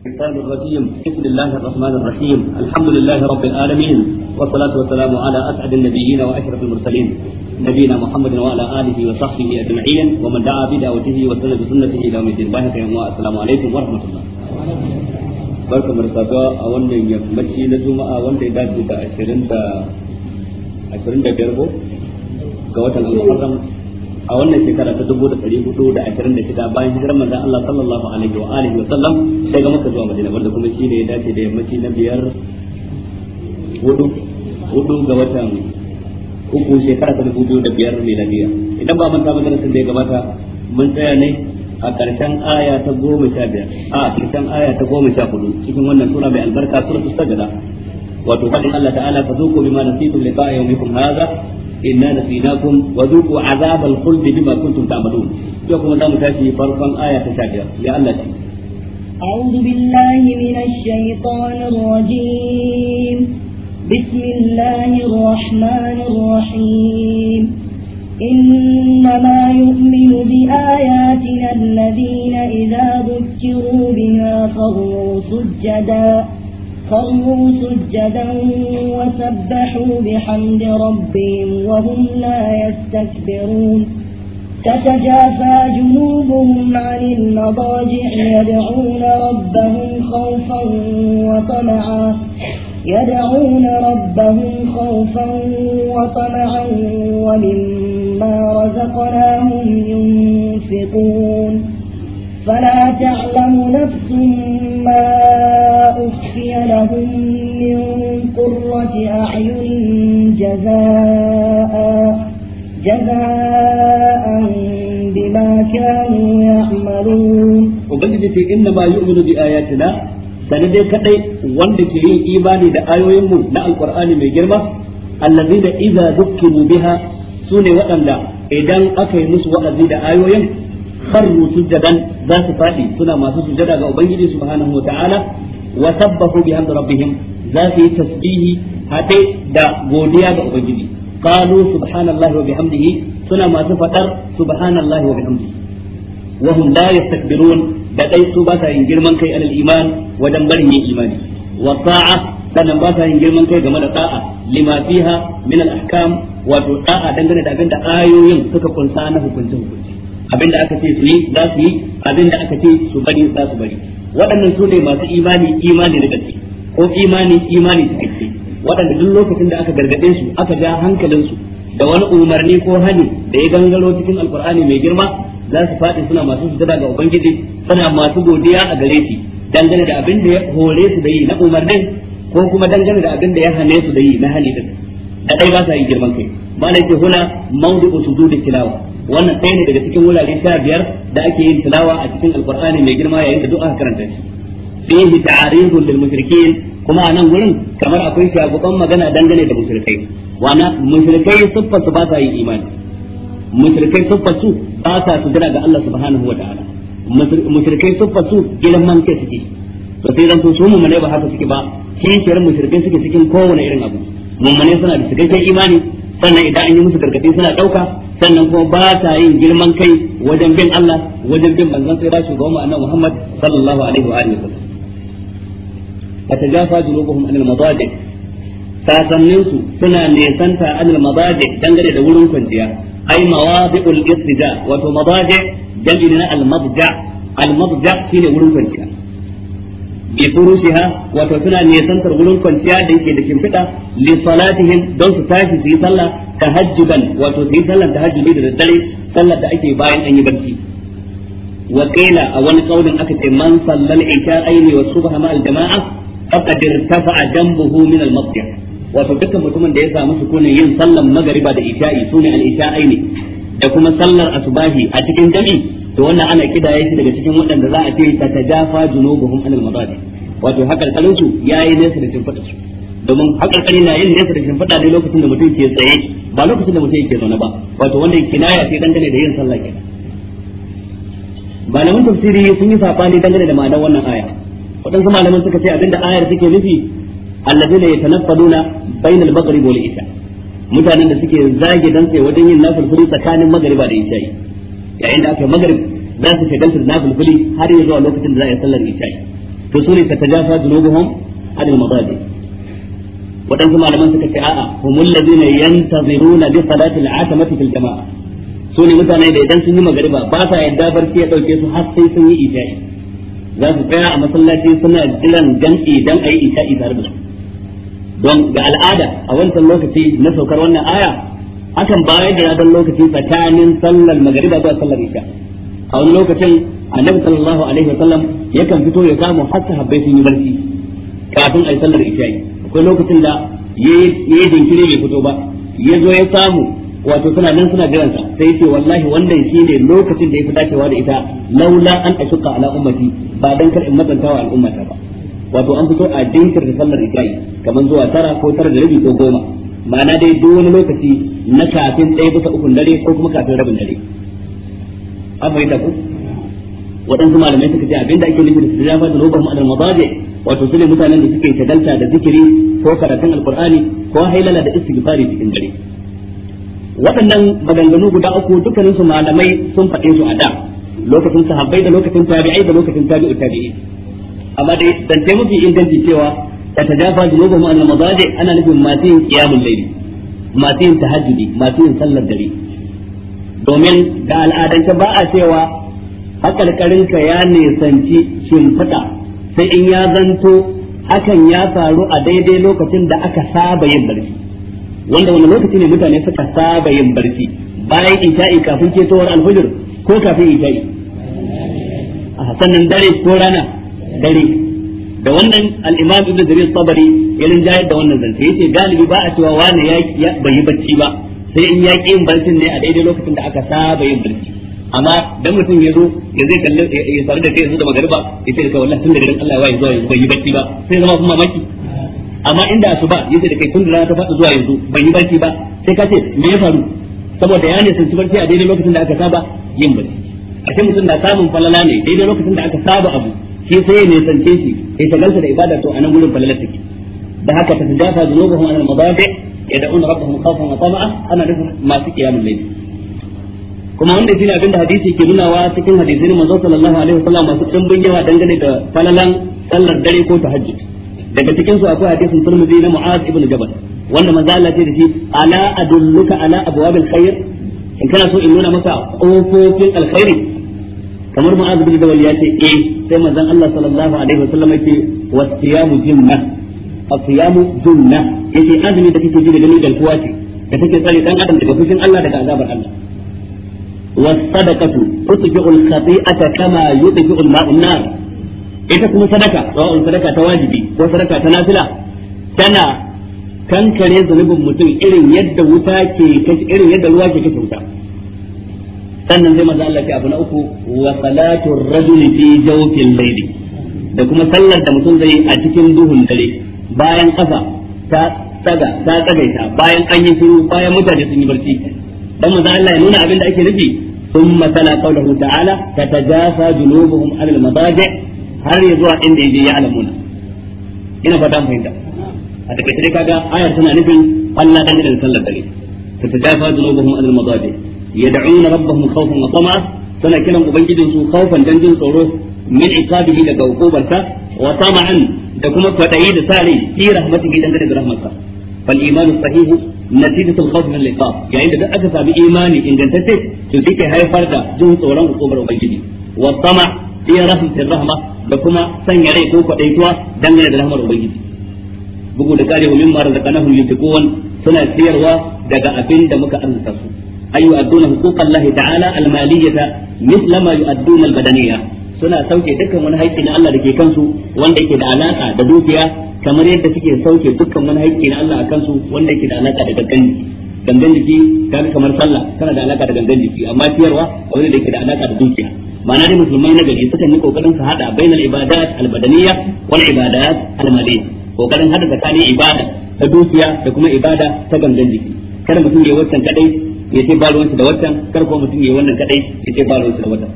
الشيطان الرجيم بسم الله الرحمن الرحيم الحمد لله رب العالمين والصلاة والسلام على أسعد النبيين وأشرف المرسلين نبينا محمد وعلى آله وصحبه أجمعين ومن دعا بدعوته وسنة بسنته إلى يوم الدين بارك السلام عليكم ورحمة الله بارك mu sabuwa a wannan yammaci na juma'a wanda ya dace da 20 da 25 ga a wannan shekara ta dubu da ɗari hudu da ashirin da shida bayan hijirar manzon Allah sallallahu alaihi wa alihi wa sallam sai ga Makka zuwa Madina wanda kuma shi ne ya dace da yammaci na biyar hudu hudu ga watan uku shekara ta dubu biyu da biyar miladiya idan ba manta ba darasin da ya gabata mun tsaya ne a ƙarshen aya ta goma sha biyar a ƙarshen aya ta goma sha hudu cikin wannan sura mai albarka sura ta wato faɗin Allah ta'ala fa zuku bima nasitum liqa'a yawmikum hadha إنا نسيناكم وذوقوا عذاب الخلد بما كنتم تعملون يقوم دام تاشي فرقا آية تشاجر يا الله أعوذ بالله من الشيطان الرجيم بسم الله الرحمن الرحيم إنما يؤمن بآياتنا الذين إذا ذكروا بها خروا سجداً صلوا سجدا وسبحوا بحمد ربهم وهم لا يستكبرون تتجافى جنوبهم عن المضاجع يدعون ربهم خوفا وطمعا يدعون ربهم خوفا وطمعا ومما رزقناهم ينفقون فلا تعلم نفس ما أخفي لهم من قرة أعين جزاء جزاء بما كانوا يعملون وبجد إنما يؤمن بآياتنا sanadai kadai wanda ke yin imani da ayoyinmu na alkur'ani mai girma allazina iza zukkiru biha sune waɗanda idan aka yi musu wa'azi da ayoyin kharru sujadan za su fadi suna masu sujada ga ubangiji subhanahu wataala wa sabbahu bihamdi rabbihim za su yi tasbihi hade da godiya ga ubangiji qalu subhanallahi wa bihamdihi suna masu fadar subhanallahi wa bihamdihi wa hum la yastakbirun da dai su ba ta yin girman kai alal iman wajen barin yin imani wa ta'a sannan ba ta yin girman kai game da ta'a lima fiha min al ahkam wato ta'a dangane da abin da ayoyin suka kunsa na hukunce hukunci abinda aka ce su yi za su yi abinda aka ce su bari za su bari waɗannan su ne masu imani imani da gaske ko imani imani da gaske waɗanda duk lokacin da aka gargaɗe su aka ja hankalin su da wani umarni ko hani da ya gangaro cikin alkur'ani mai girma za su faɗi suna masu sujada ga ubangiji suna masu godiya a gare shi dangane da abin da ya hore su da yi na umarnin ko kuma dangane da abin da ya hane su da yi na hali da ɗaya ba sa yi girman kai malai ce huna mawdu'u sujudi tilawa wannan ɗaya ne daga cikin wurare sha biyar da ake yin tilawa a cikin alqur'ani mai girma yayin da duk aka karanta shi fihi ta'arizun lil mushrikin kuma a nan wurin kamar akwai shaguban magana dangane da mushrikai wana mushrikai siffar su ba sa yin imani mushrikai siffar su ba sa jira ga Allah subhanahu wa ta'ala mushrikai siffar su man ke suke to sai zan so su mu ne ba haka suke ba kishiyar mushrikai suke cikin kowane irin abu mummune suna da cikakken imani sannan idan an yi musu gargadi suna dauka sannan kuma ba ta yin girman kai wajen bin Allah wajen bin manzon sai da shugaban annabi Muhammad sallallahu alaihi wa alihi wasallam tatajafa junubuhum anil madaji sasannin su suna nesanta anil madaji dangane da wurin kwanciya ai mawadi'ul istija wato madaji dangane na al madja al madja shine wurin kwanciya bi furushiha wato suna nisantar gurin kwanciya da yake da shimfiɗa li salatihim don su tashi su yi sallah tahajjudan wato su yi sallah tahajjudi da daddare sallah da ake bayan an yi barci wa qila a wani kaulin aka ce man sallal isha'aini wa subha ma al jama'a faqad irtafa'a janbuhu min al masjid wato dukkan mutumin da ya samu sukunin yin sallar magariba da isha'i sune al ne da kuma sallar asubahi a cikin jami'i to wannan ana kidaye shi daga cikin waɗanda za a ce ta tajafa junubuhum anil madadi wato hakarkarin su yayi nesa da shimfada su domin kalin na yin nesa da shimfiɗa ne lokacin da mutum ke tsaye ba lokacin da mutum yake zaune ba wato wanda kinaya sai dangane da yin sallah kenan malamin tafsiri sun yi sabani dangane da ma'anar wannan aya waɗansu malaman suka ce abinda ayar take nufi allazina yatanaffaluna bainal maghrib wal isha mutanen da suke zage dantse wajen yin nafil tsakanin magriba da isha yayin da aka yi za su shagalta da nafilfili har ya zuwa lokacin da za a yi sallar isha'i to su ne tatajafa junubuhum anil madaji waɗansu malaman suka ce a'a humul ladina yantaziruna li salatil atamati fil jama'a su ne mutane da idan sun yi magariba ba sa yadda barci ya dauke su har sai sun yi isha'i za su tsaya a masallaci suna jiran jam'i dan ayi isha'i tare da su don ga al'ada a wancan lokaci na saukar wannan aya akan bayar da radan lokaci tsakanin sallar magariba zuwa sallar isha a wani lokacin annabi sallallahu alaihi wasallam yakan fito ya samu hatta habbai sun yi barci kafin a yi sallar isha akwai lokacin da ya yi jinkiri bai fito ba ya zo ya samu wato suna nan suna jiransa sai ce wallahi wannan ne lokacin da ya fi dacewa da ita laula an a shuka ala ummati ba dan kar in wa al'ummata ba wato an fito a jinkirta sallar isha'i kamar zuwa tara ko tara da rabi ko goma ma'ana dai duk wani lokaci na kafin ɗaya bisa ukun dare ko kuma kafin rabin dare an fahimta ku waɗansu malamai suka ce abinda ake nufi da su jafa da rubar ma'adar mabaje wato su ne mutanen da suke shagalta da zikiri ko karatun alkur'ani ko hailala da istighfari cikin dare waɗannan maganganu guda uku dukkaninsu malamai sun faɗe su a da lokacin sahabbai da lokacin tabi'ai da lokacin tabi'u tabi'i amma dai zance mafi inganci cewa ta tajafa zunubuhum an al-madaji ana nufin masu yin qiyamul layli masu yin tahajjudi masu yin sallar dare domin da al'adance ba a cewa haƙarƙarinka ya nisanci shimfiɗa sai in ya zanto hakan ya faru a daidai lokacin da aka saba yin barci wanda wani lokaci ne mutane suka saba yin barci bayan isha'i kafin ketowar alfajir ko kafin isha'i sannan dare ko rana dare da wannan al-imam ibn jarir tabari irin jayar da wannan zance yace galibi ba a cewa wani ya bai yi barci ba sai in ya yin barcin ne a daidai lokacin da aka saba yin barci amma dan mutum ya zo ya zai kalle ya faru da kai yanzu da magariba ya ce da kai wallahi tun da garin Allah ya waye zuwa yanzu bai yi barci ba sai zama kuma maki amma inda asuba ya ce da kai tun da ta faɗi zuwa yanzu bai yi barci ba sai ka ce me ya faru saboda ya ne sun barci a daidai lokacin da aka saba yin barci a ce mutum na samun falala ne daidai lokacin da aka saba abu shi sai ya nisance shi ya shagalta da ibada to a gurin falalar take da haka ta tajafa zunubuhum anil madafi yad'una rabbahum khawfan wa tama'a ana nufin masu kiyamul layl kuma wanda shine abinda hadisi ke nunawa cikin hadisin manzo sallallahu alaihi wasallam masu dimbin yawa dangane da falalan sallar dare ko tahajjud daga cikin su akwai hadisin Tirmidhi na Mu'adh ibn Jabal wanda manzo Allah ce da shi ala adulluka ala abwabil khair in kana so in nuna maka kofofin alkhairi kamar mu'az bin jabal ya ce eh sai manzon Allah sallallahu alaihi wasallam yake wasiyamu jinna asiyamu jinna yake azumi da kike ji da gani garkuwa ce da take tsare dan adam daga fushin Allah daga azabar Allah والصدقة تطفئ الخطيئة كما يطفئ الماء النار ita kuma sadaka sawa'un sadaka ta wajibi ko sadaka ta nafila tana kankare zanubin mutum irin yadda wuta ke irin yadda ruwa ke kashe wuta sannan zai manzo Allah ce abu na uku wa salatu rajuli fi jawfil layli da kuma sallar da mutum zai a cikin duhun dare bayan kafa ta tsaga ta tsagaita bayan an yi shiru bayan mutane sun yi barci dan manzo Allah ya nuna abin da ake nufi ثم تلا قوله تعالى تتجافى جنوبهم عن المضاجع har ya zuwa inda yaje ya alamuna ina fata mu fahimta a takaice dai kaga ayar tana nufin Allah dan da sallar dare ta tadafa dunubuhum al madaji yad'una rabbahum khawfan wa tama'a suna kiran ubangijin su khawfan dan jin tsoro min iqabihi daga hukubarsa wa tama'an da kuma kwadayi da sare fi rahmatihi dan da rahmatsa fal imanu sahihu natijatul khawf min liqab yayin da aka sami imani ingantacce to sike haifar da jin tsoron hukubar ubangiji wa tama fi rahmatir rahma da kuma sanya rai ko kwadaituwa dangane da rahmar ubangiji bugu da kare mu mimma razaqnahum yunfiqun suna siyarwa daga abin da muka arzuta su ay yu'adduna huquqallahi ta'ala al-maliyata mithla ma yu'adduna al-badaniyah suna sauke dukkan wani haƙƙi na Allah da ke kansu wanda yake da alaƙa da dukiya kamar yadda suke sauke dukkan wani haƙƙi na Allah a kansu wanda yake da alaƙa da gangan gangan jiki kaga kamar sallah tana da alaƙa da gangan jiki amma ciyarwa wani da yake da alaƙa da dukiya ma'ana dai musulmai na gari sukan yi kokarin su hada bainal ibadat albadaniyya wal ibadat almaliyya kokarin hada tsakanin ibada ta dukiya da kuma ibada ta gangan jiki kada mutum ya wancan kadai ya ce ba ruwansa da watan kar ko mutum ya wannan kadai ya ce ba ruwansa da wannan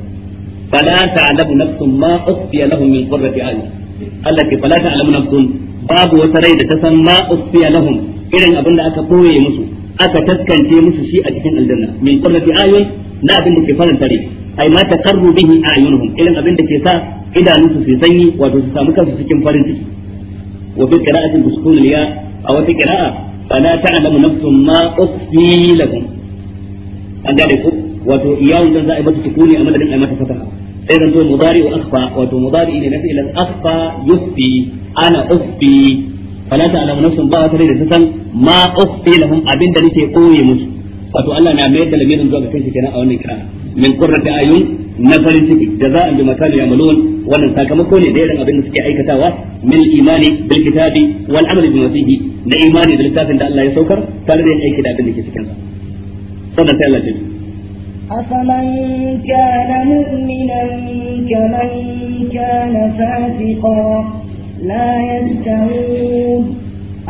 fala ta'lamu nafsun ma ukhfiya lahum min qurrati a'yun Allah ke fala ta'lamu nafsun babu wata rai da ta san ma ukhfiya lahum irin abin da aka koye musu aka taskance musu shi a cikin aljanna min qurrati a'yun na abin da ke faranta rai ai ma taqarru bihi a'yunuhum irin abin da ke sa idanunsu su sanyi wato su samu kansu cikin farin ciki wa bi qira'atin bisukun ya a wata qira'a fala ta'lamu nafsun ma ukhfiya lahum an gane ku wato iyawun nan za a yi mata sukuni a madadin a mata fataha sai zan to mudari wa akhfa wato mudari ne na fi'lan akhfa yufi ana ufi fala ta alamu nafsun ba ta da ta san ma ufi lahum abin abinda nake koye musu wato Allah na mai da lamirin zuwa ga kanshi kenan a wannan kira min qurrati ayun na farin ciki jaza'an bima kanu ya'malun wannan sakamako ne da irin abin da suke aikatawa min imani bil kitabi wal amali bima fihi da imani da littafin da Allah ya saukar tare da aiki da abin da ke cikin sa sana ta yalla ce afalan kana mu'minan kaman kana fasiqa la yantahun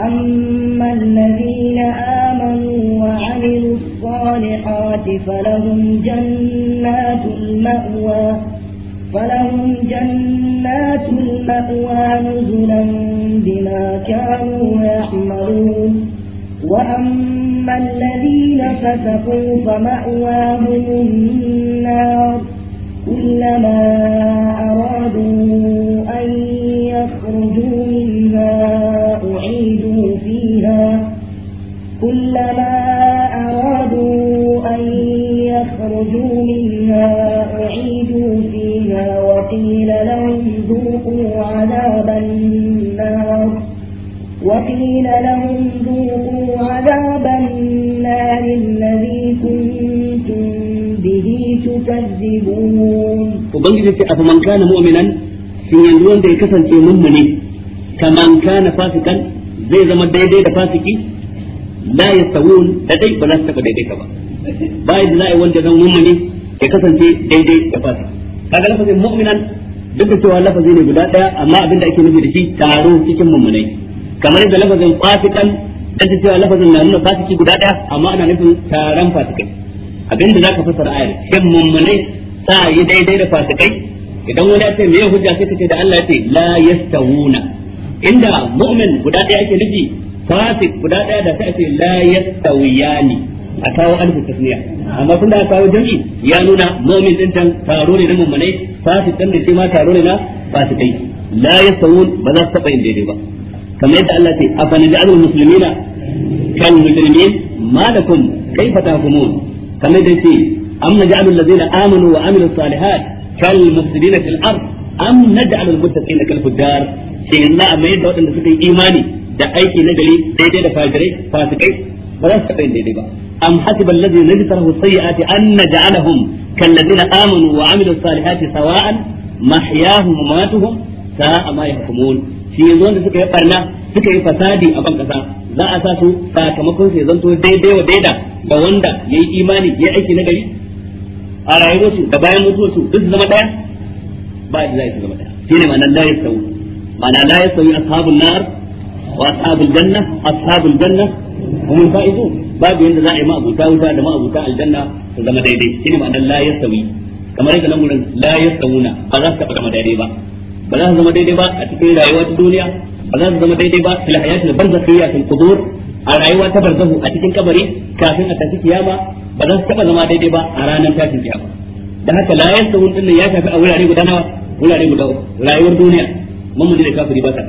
amma alladhina amanu wa 'amilu الصالحات فلهم جنات المأوى فلهم جنات المأوى نزلا بما كانوا يعملون وأما الذين فتقوا فمأواهم النار كلما أرادوا أن يخرجوا منها أعيدوا فيها كلما أرادوا أن يخرجوا منها أعيدوا فيها وقيل لهم ذوقوا عذاب النار وقيل لهم فذوقوا عذاب النار الذي كنتم به تكذبون وبنجد أفمن كان مؤمنا shin yanzu wanda ya kasance mummune kaman kana fasikan zai zama daidai da fasiki la yastawun da dai ba za su taba daidai ka ba bayan da za wanda zan mummune ya kasance daidai da fasiki ga lafazin mu'minan duk da cewa lafazi ne guda daya amma abinda ake nufi da shi taro cikin mummunai kamar yadda lafazin fasikan dan ta cewa lafazin na nuna fasiki guda daya amma ana nufin taron fasikai abinda zaka fassara ayar shin mummunai sa yi daidai da fasikai idan wani ya ce me hujja sai ka da Allah ya ce la yastawuna inda mu'min guda daya ake nufi fasik guda daya da sai ce la yastawiyani a kawo alfu tasniya amma kun da kawo jami ya nuna mu'min din can taro ne na mummunai fasik din da shi ma taro ne na fasikai la yastawun ba za su taba yin ba kamar yadda Allah ce afa naj'alul muslimina kal mujrimin ma lakum kayfa tahkumun kamar yadda ce am naj'alul ladzina amanu wa amilus salihat kal mufsidina fil ard am naj'alul muttaqina kal fujjar sai Allah amma yadda waɗanda suka yi imani da aiki na gari daidai da fajirai fasikai ba za su taɓa yin daidai ba am hasiba allazi najtarahu sayyi'ati an naj'alahum amanu wa amilus salihati sawa'an shi yanzu wanda suka yi barna suka yi fasadi a ban kasa za a sa su sakamakon su zanto daidai wa daida da wanda ya yi imani ya aiki na gari a rayuwarsu da bayan mutuwarsu duk su zama daya ba da zai su zama daya shi ne ma'anar la yastawi ma'ana sau yi ashabun nar wa ashabun janna ashabun janna hum al ba babu yanda za a yi ma'abuta wuta da ma'abuta aljanna su zama daidai shi ne ma'anar la yastawi kamar yadda nan layar sau na, ba za su taɓa zama daidai ba ba za su zama daidai ba a cikin rayuwa ta duniya ba za su zama daidai ba fil hayatil barzakhiyya fil qubur a rayuwa ta barzahu a cikin kabari kafin a tafi kiyama ba za su taba zama daidai ba a ranar tashin kiyama da haka la yasawun din ya shafi a wurare guda nawa wurare guda rayuwar duniya mun mamuni da kafiri ba ta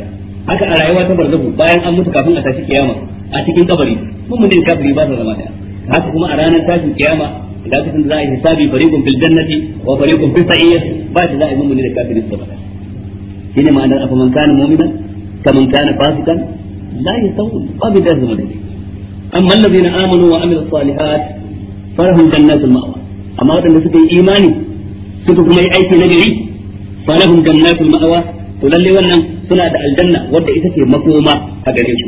haka a rayuwa ta barzahu bayan an mutu kafin a tashi kiyama a cikin kabari mun mamuni da kafiri ba sa zama daya haka kuma a ranar tashin kiyama da kasan da za a yi hisabi fariqun fil jannati wa fariqun fis sa'iyyah ba da za a yi da kafiri su shine ma'anar afa man kana mu'minan kaman kana fasikan la dai amma allazina amanu wa amilus salihat farahum jannatul ma'wa amma wadanda suka yi imani suka kuma yi aiki na gari farahum jannatul ma'wa to lalle wannan suna da aljanna wadda ita ce makoma a gare su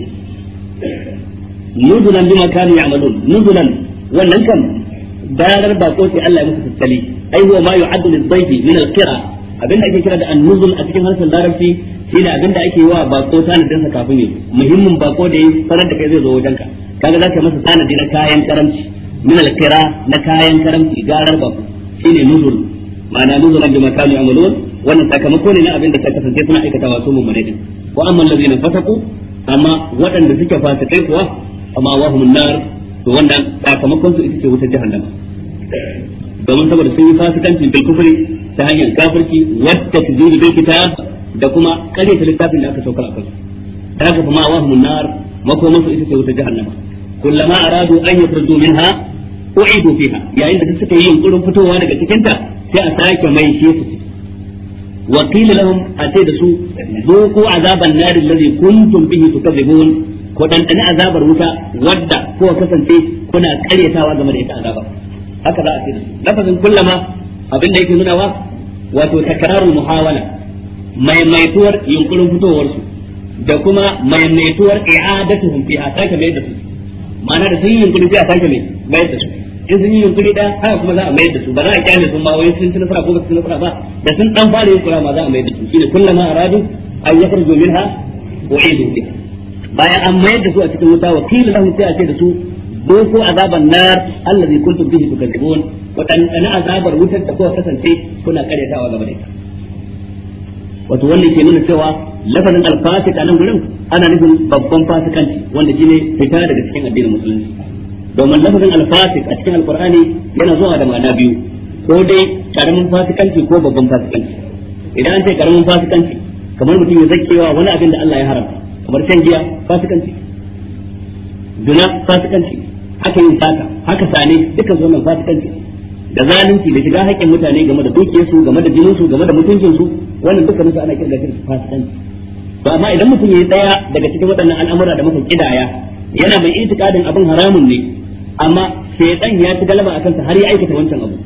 nuzulan bima kanu ya'malun nuzulan wannan kan darar bako sai Allah ya musu tattali ai ma yu'addu lil-dhayfi min al-qira' abinda ake kira da annuzul a cikin harshen larabci shi shine abinda ake wa bako sanadin sa kafin yi muhimmin bako da yi sanar da kai zai zo ka kaga zaka masa sanadi na kayan karamci min kira na kayan karamci garar bako ne nuzul ma'ana nuzulan bima kanu amalun wannan sakamako ne na abinda ka kasance suna aikatawa su mummune din wa amma allazina fasaku amma waɗanda suke fasikai kuwa amma wahumun nar to wannan sakamakon su ita ce wutar jahannama domin saboda sun yi fasikanci bil kufri ta hanyar kafirci wadda tuzuri bil kitab da kuma kare ta littafin da aka saukar a kansu ta haka fa ma'awahum an-nar makoman su ita ce wutar jahannama kullama aradu an yakhruju minha u'idu fiha yayin da suka yi yunkurin fitowa daga cikin ta sai a sake mai shi su wa qila lahum atai da su zuqu azaban nar alladhi kuntum bihi tukadzibun ko dan dani azabar wuta wadda ko kasance kuna karyatawa game da ita azaba haka za a ce da su lafazin kullama abin da yake nuna wa wato takrarul muhawala maimaituwar yunkurin fitowar su da kuma mai maimaituwar i'adatuhum fi ataka mai da su ma'ana da sun yi yunkuri a sake mai mai da su in sun yi yunkuri da haka kuma za a mai da su ba za a kyale sun ba wai sun ci nasara ko ba su nasara ba da sun dan fara yin kura ma za a mai da su shine kullama aradu an yakhruju minha wa'idu biha bayan an mai da su a cikin wuta wa kila lahum sai a ce da su nar دوكو عذاب النار الذي كنتم به تكذبون وأن عذاب الوتر تكون كسنتي كنا قرية وغبرية wato wannan ke nuna cewa lafazin alfasik a nan gurin ana nufin babban fasikanci wanda shine fita daga cikin addinin musulunci domin lafazin alfasik a cikin alqur'ani yana zuwa da ma'ana biyu ko dai karamin fasikanci ko babban fasikanci idan an ce karamin fasikanci kamar mutum ya zakkewa wani abin da Allah ya haramta kamar shan giya fasikanci zina fasikanci aka yin saka haka sane zo nan wannan fasikanci da zalunci da shiga haƙƙin mutane game da dukiyar su game da jinin game da mutuncin wannan dukkan su ana kirga shi fasikanci to amma idan mutum yayi daya daga cikin waɗannan al'amura da muka kidaya yana mai itikadin abin haramun ne amma shaytan ya ci galaba akan sa har ya aikata wancan abu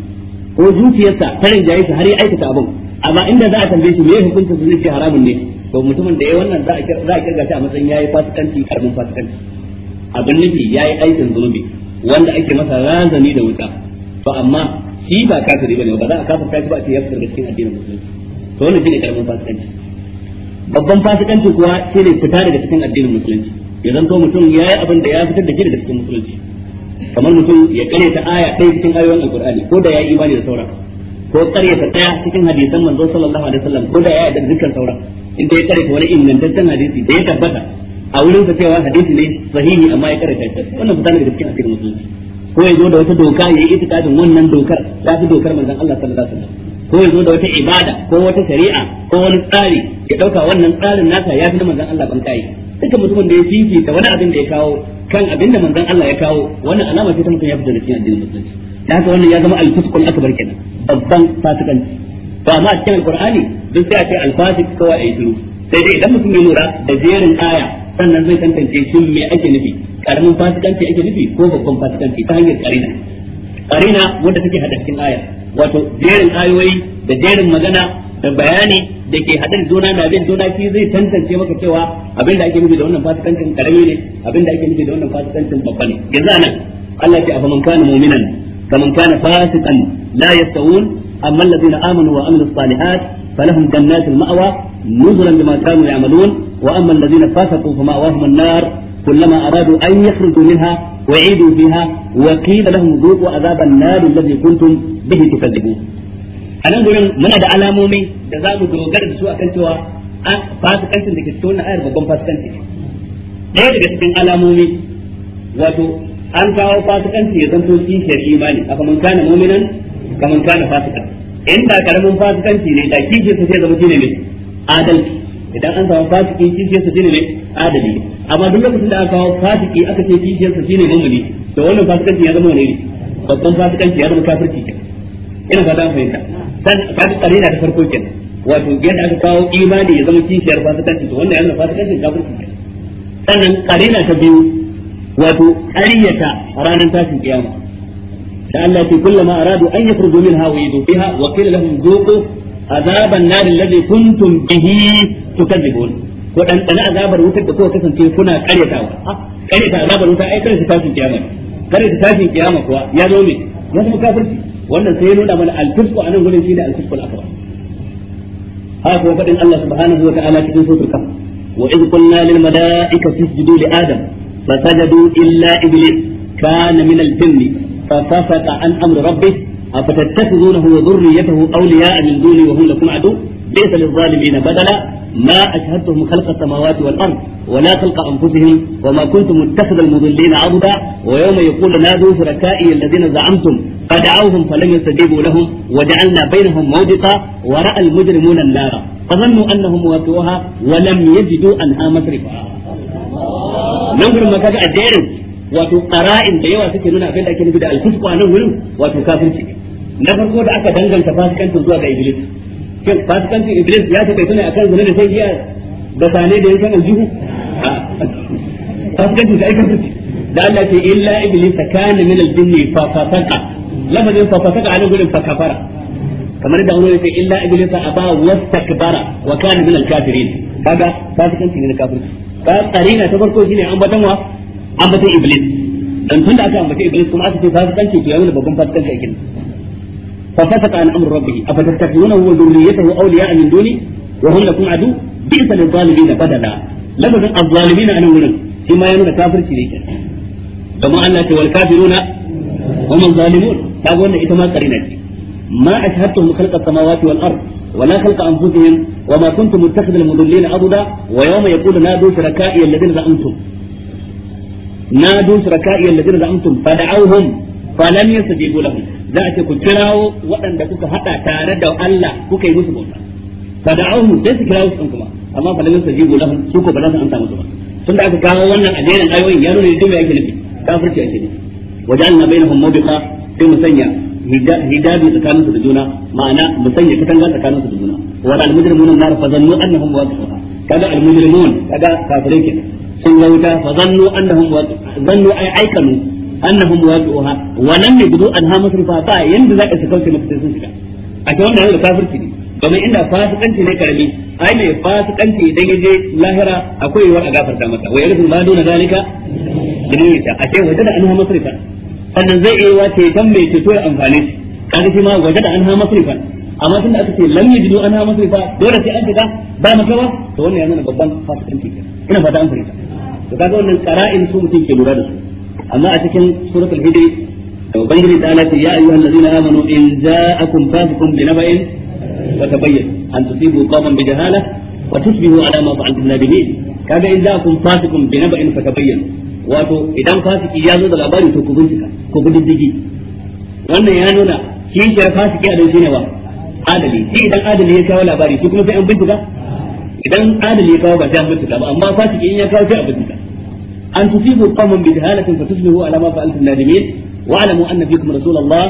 ko zuciyarsa farin jayi har ya aikata abin amma inda za a tambaye shi me hukuncin su zai haramun ne to mutumin da ya wannan za a kirga shi a matsayin yayi fasikanci karbin fasikanci abin nufi yi aikin zunubi wanda ake masa razani da wuta to amma shi ba kafiri bane ba za a kafa kafi ba a ce ya fitar da cikin addinin musulunci to wannan shine karamin fasikanci babban fasikanci kuwa ne fita daga cikin addinin musulunci ya zanto mutum yi abin da ya fitar da shi daga cikin musulunci kamar mutum ya kare ta aya ɗaya cikin ayoyin alkur'ani ko da ya yi imani da sauran ko kare ta ɗaya cikin hadisan manzo sallallahu alaihi wasallam ko da ya yi yarda dukkan sauran in da ya kare ta wani ingantaccen hadisi da ya tabbata a wurin sa cewa hadisi ne sahihi amma ya karanta shi wannan fita daga cikin asirin musulunci ko ya zo da wata doka ya yi itikadin wannan dokar ta fi dokar manzon Allah sallallahu alaihi wasallam ko ya zo da wata ibada ko wata shari'a ko wani tsari ya dauka wannan tsarin nasa ya fi na manzon Allah banta yi duka mutumin da ya ta wani abin da ya kawo kan abin da manzon Allah ya kawo wannan alama ce ta mutum ya fi da cikin addinin musulunci da haka wannan ya zama al fusqul akbar kenan babban fasikanci ba ma cikin alqur'ani duk sai a ce al fasik kawai ayi sai dai idan mutum ya lura da jerin aya sannan zai tantance shin me ake nufi karamin fasikanci ake nufi ko babban fasikanci ta hanyar karina karina wanda take hada cikin aya wato jerin ayoyi da jerin magana da bayani da ke hadin juna da bin juna shi zai tantance maka cewa abin da ake nufi da wannan fasikancin karami ne abin da ake nufi da wannan fasikancin babba ne yanzu anan Allah ya ce afaman kana mu'minan kaman kana fasikan la yastawun amma alladhina amanu wa amilus salihat فلهم جنات المأوى نزلا بما كانوا يعملون وأما الذين فسقوا فمأواهم النار كلما أرادوا أن يخرجوا منها وعيدوا فيها وقيل لهم ذوقوا عذاب النار الذي كنتم به تكذبون أنا أقول muna da alamomi da za mu dogara da su akan cewa fasikancin da ke cikin wannan ayar babban fasikanci ɗaya daga cikin alamomi wato an kawo fasikanci ya zanto kishiyar imani a kaman kana mu'minan kaman kana fasikan inda karamin fasikanci ne da kishin su sai zama shine ne adalci idan an samu fasiki kishin su shine ne adali amma duk lokacin da aka kawo fasiki aka ce kishin su shine muni, to wannan fasikanci ya zama wani ne babban fasikanci ya zama kafirci kenan ina fata fahimta san kaga karina ta farko kenan wato yadda aka kawo imani ya zama kishiyar fasikanci to wannan yana fasikancin kafirci kenan sannan karina ta biyu wato ƙaryata ranar tashin kiyama da Allah ce kullama aradu an yakhruju minha wa yidu biha wa qila lahum dhuqu azaban nar alladhi kuntum bihi tukadzibun ko dan dana azabar wutar da kowa kasance kuna karyatawa karyata azabar wuta ai karyata tashin kiyama karyata tashin kiyama kuwa ya zo ne ya zama kafirci wannan sai ya nuna mana al-fisqu anan gurin shine al-fisqu al-akbar haka wa fadin Allah subhanahu wa ta'ala cikin suratul kaf wa idh qulna lil malaikati isjudu li adam fasajadu illa iblis kana min al-jinni ففسق عن أمر ربه أفتتخذونه وذريته أولياء من دوني وهم لكم عدو ليس للظالمين بدلا ما أشهدتهم خلق السماوات والأرض ولا خلق أنفسهم وما كنت متخذ المضلين عضدا ويوم يقول نادوا شركائي الذين زعمتم فدعوهم فلم يستجيبوا لهم وجعلنا بينهم موبقا ورأى المجرمون النار فظنوا أنهم واقعوها ولم يجدوا أنها مصرفا. ننظر ما كان wato qara'in da yawa suke nuna abin da ake nufi da al-kufru a nan wurin wato kafirci na farko da aka danganta fasikancin zuwa ga iblis shin fasikancin iblis ya ta kai ne akan zina da sai giya da sane da yankan aljihu fasikancin da aikata da Allah ce illa iblis kana min al fa fa fasaka lafazin fa fasaka a nan gurin fa kafara kamar da wani ce illa iblis aba wastakbara wa kana min al-kafirin kaga fasikanci ne na kafirci ka karina ta farko shine an batanwa ambaton iblis dan tun da aka ambaci iblis kuma aka ce fasikanci to ya wani babban fasikanci a gidan fa fasaka an amru rabbih afa tattakhunahu wa dhurriyyatahu awliya'a min duni wa hum lakum adu bi'sa lil zalimin badala lafazin az-zalimin anan wurin shi ma ya nuna kafirci ne kenan domin Allah ce wal kafiruna hum az-zalimun kaga wannan ita ma karina ce ma ashhadtuhum khalqa samawati wal ard ولا خلق انفسهم وما كنت متخذ المضلين عضدا ويوم يقول نادوا شركائي الذين زعمتم نادوا شركائي الذين زعمتم فدعوهم فلم يستجيبوا لهم za a ce ku kirawo waɗanda kuka haɗa tare da Allah kuka yi musu bauta fada'uhum sai su kirawo su kuma amma fa lam yastajibu lahum su ko ba za su amsa musu ba tun da aka kawo wannan ajerin ayoyin ya nuna jumla yake nufi kafirci ake nufi wajalna bainahum mawbiqa sai mu sanya hijabi tsakaninsu da juna ma'ana mu sanya katanga tsakaninsu da juna wala al-mujrimuna nar fa zannu annahum waqi'un kaga al-mujrimun kaga kafirai kenan sun ga fa zannu annahum zannu ay aikanu annahum waqi'uha wa lam yajidu anha masrifa ta yanda za a saka su mata sun shiga a ta wannan da kafirci ne domin inda fasikanci ne karami ai mai fasikanci idan yaje lahira akwai wa a gafarta masa wa yarfu ma duna zalika dinita a ce wajada anha masrifa sannan zai iya wa ce dan mai ceto ya amfane shi kaga shi ma wajada anha masrifa amma tunda aka ce lam yajidu anha masrifa dole sai an shiga ba makawa to wannan yana babban fasikanci ina fata an fahimta to kaga wannan qara'in su mutum ke lura da su amma a cikin suratul hijri da ubangiji da Allah ya ayyuhal ladina amanu in ja'akum fasiqun binaba'in wa tabayyin an tusibu qawman bi jahala wa tusbihu ala ma fa'altum nadimin kaga in ja'akum fasiqun binaba'in fa tabayyin wato idan fasiki ya zo da labari to ku bincika ko ku bincike wannan ya nuna kishiyar fasiki a dauke ne wa adali shi idan adali ya kawo labari shi kuma sai an bincika idan adali ya kawo ba sai an bincika ba amma fasiki in ya kawo sai a bincika أن تصيبوا قوم بجهالة فتصبحوا على ما فعلتم نادمين واعلموا أن فيكم رسول الله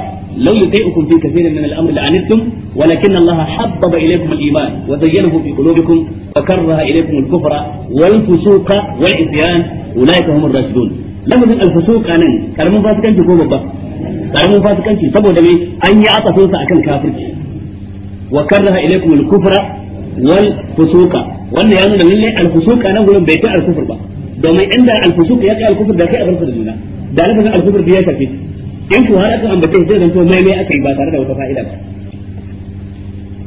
لو يطيعكم في كثير من الأمر لعنتم ولكن الله حبب إليكم الإيمان وزينه في قلوبكم وكره إليكم الكفر والفسوق والعصيان أولئك هم الراشدون lafazin alfusuk anan karamin fasikanci ko babba karamin fasikanci saboda me an yi atafin sa akan kafirci wa karaha ilaykum al-kufra wal fusuka wannan ya nuna lalle al-fusuka nan gurin bai ta al-kufr ba domin inda al-fusuq ya kai al-kufr da kai a farko da juna da lafazin al-kufr ya shafe in ko har aka ambace zai zanto mai mai aka yi ba tare da wata fa'ida ba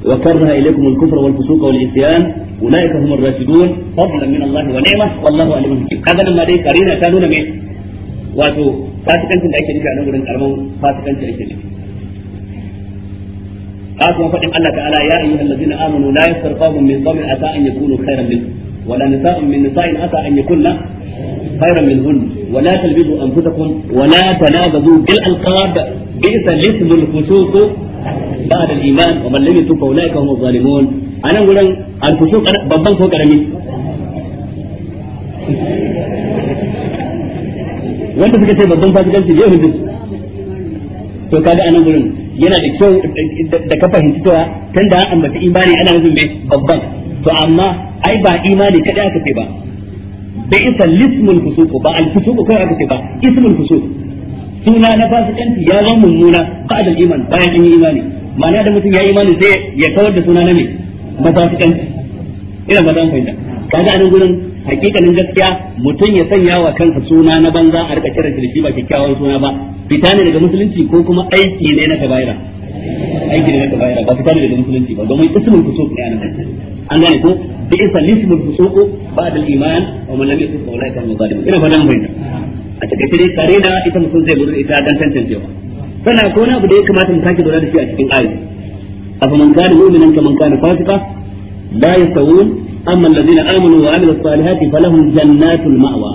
وكره إليكم الكفر والفسوق والعصيان أولئك هم الراشدون فضلا من الله ونعمة والله عليم حكيم هذا لما دي قرينة كانوا من واتو فاسقا في العيشة نجا نقول أرمو فاسقا في العيشة آتوا فقط الله تعالى يا أيها الذين آمنوا لا يسر قوم من قوم عسى أن يكونوا خيرا منكم ولا نساء من نساء أتى أن يكن خيرا منهن ولا تلبسوا أنفسكم ولا تنابذوا بالألقاب بئس الاسم الفسوق بعد الإيمان ومن لم يتوب فأولئك هم الظالمون أنا أقول الفسوق ببان فوق رمي wanda suka ce babban fasikanci yau hindu to kaga anan gurin yana da kyau da ka fahimci cewa tun da an ambaci imani ana nufin mai babban to amma ai ba imani kada aka ce ba bai isa lismul fusuq ba al fusuq kai aka ce ba ismul fusuq suna na fasikanci ya zama mummuna ba'da da iman bayan an yi imani ma'ana da mutum ya yi imani sai ya kawar da suna na me su fasikanci ina ba zan fahimta kaga anan gurin hakikanin gaskiya mutum ya sanya wa kansa suna na banza a rika kiran shi ba kyakkyawan suna ba fita ne daga musulunci ko kuma aiki ne na kabaira aiki da ka bayar ba fita daga musulunci ba domin ismul fusuq ne anan an gane ko bi isa lismul fusuq ba'da al-iman wa man lam yusuf fa ulaika hum zalimun ina fadan mai a takaice dai kare da ita mutum zai gudu ita dan tantancewa sannan ko na abu da ya kamata mu sake lura da shi a cikin ayi afaman kana mu'minan kaman kana fasika la yasawun amma alladhina amanu wa amilus salihati falahum jannatul ma'wa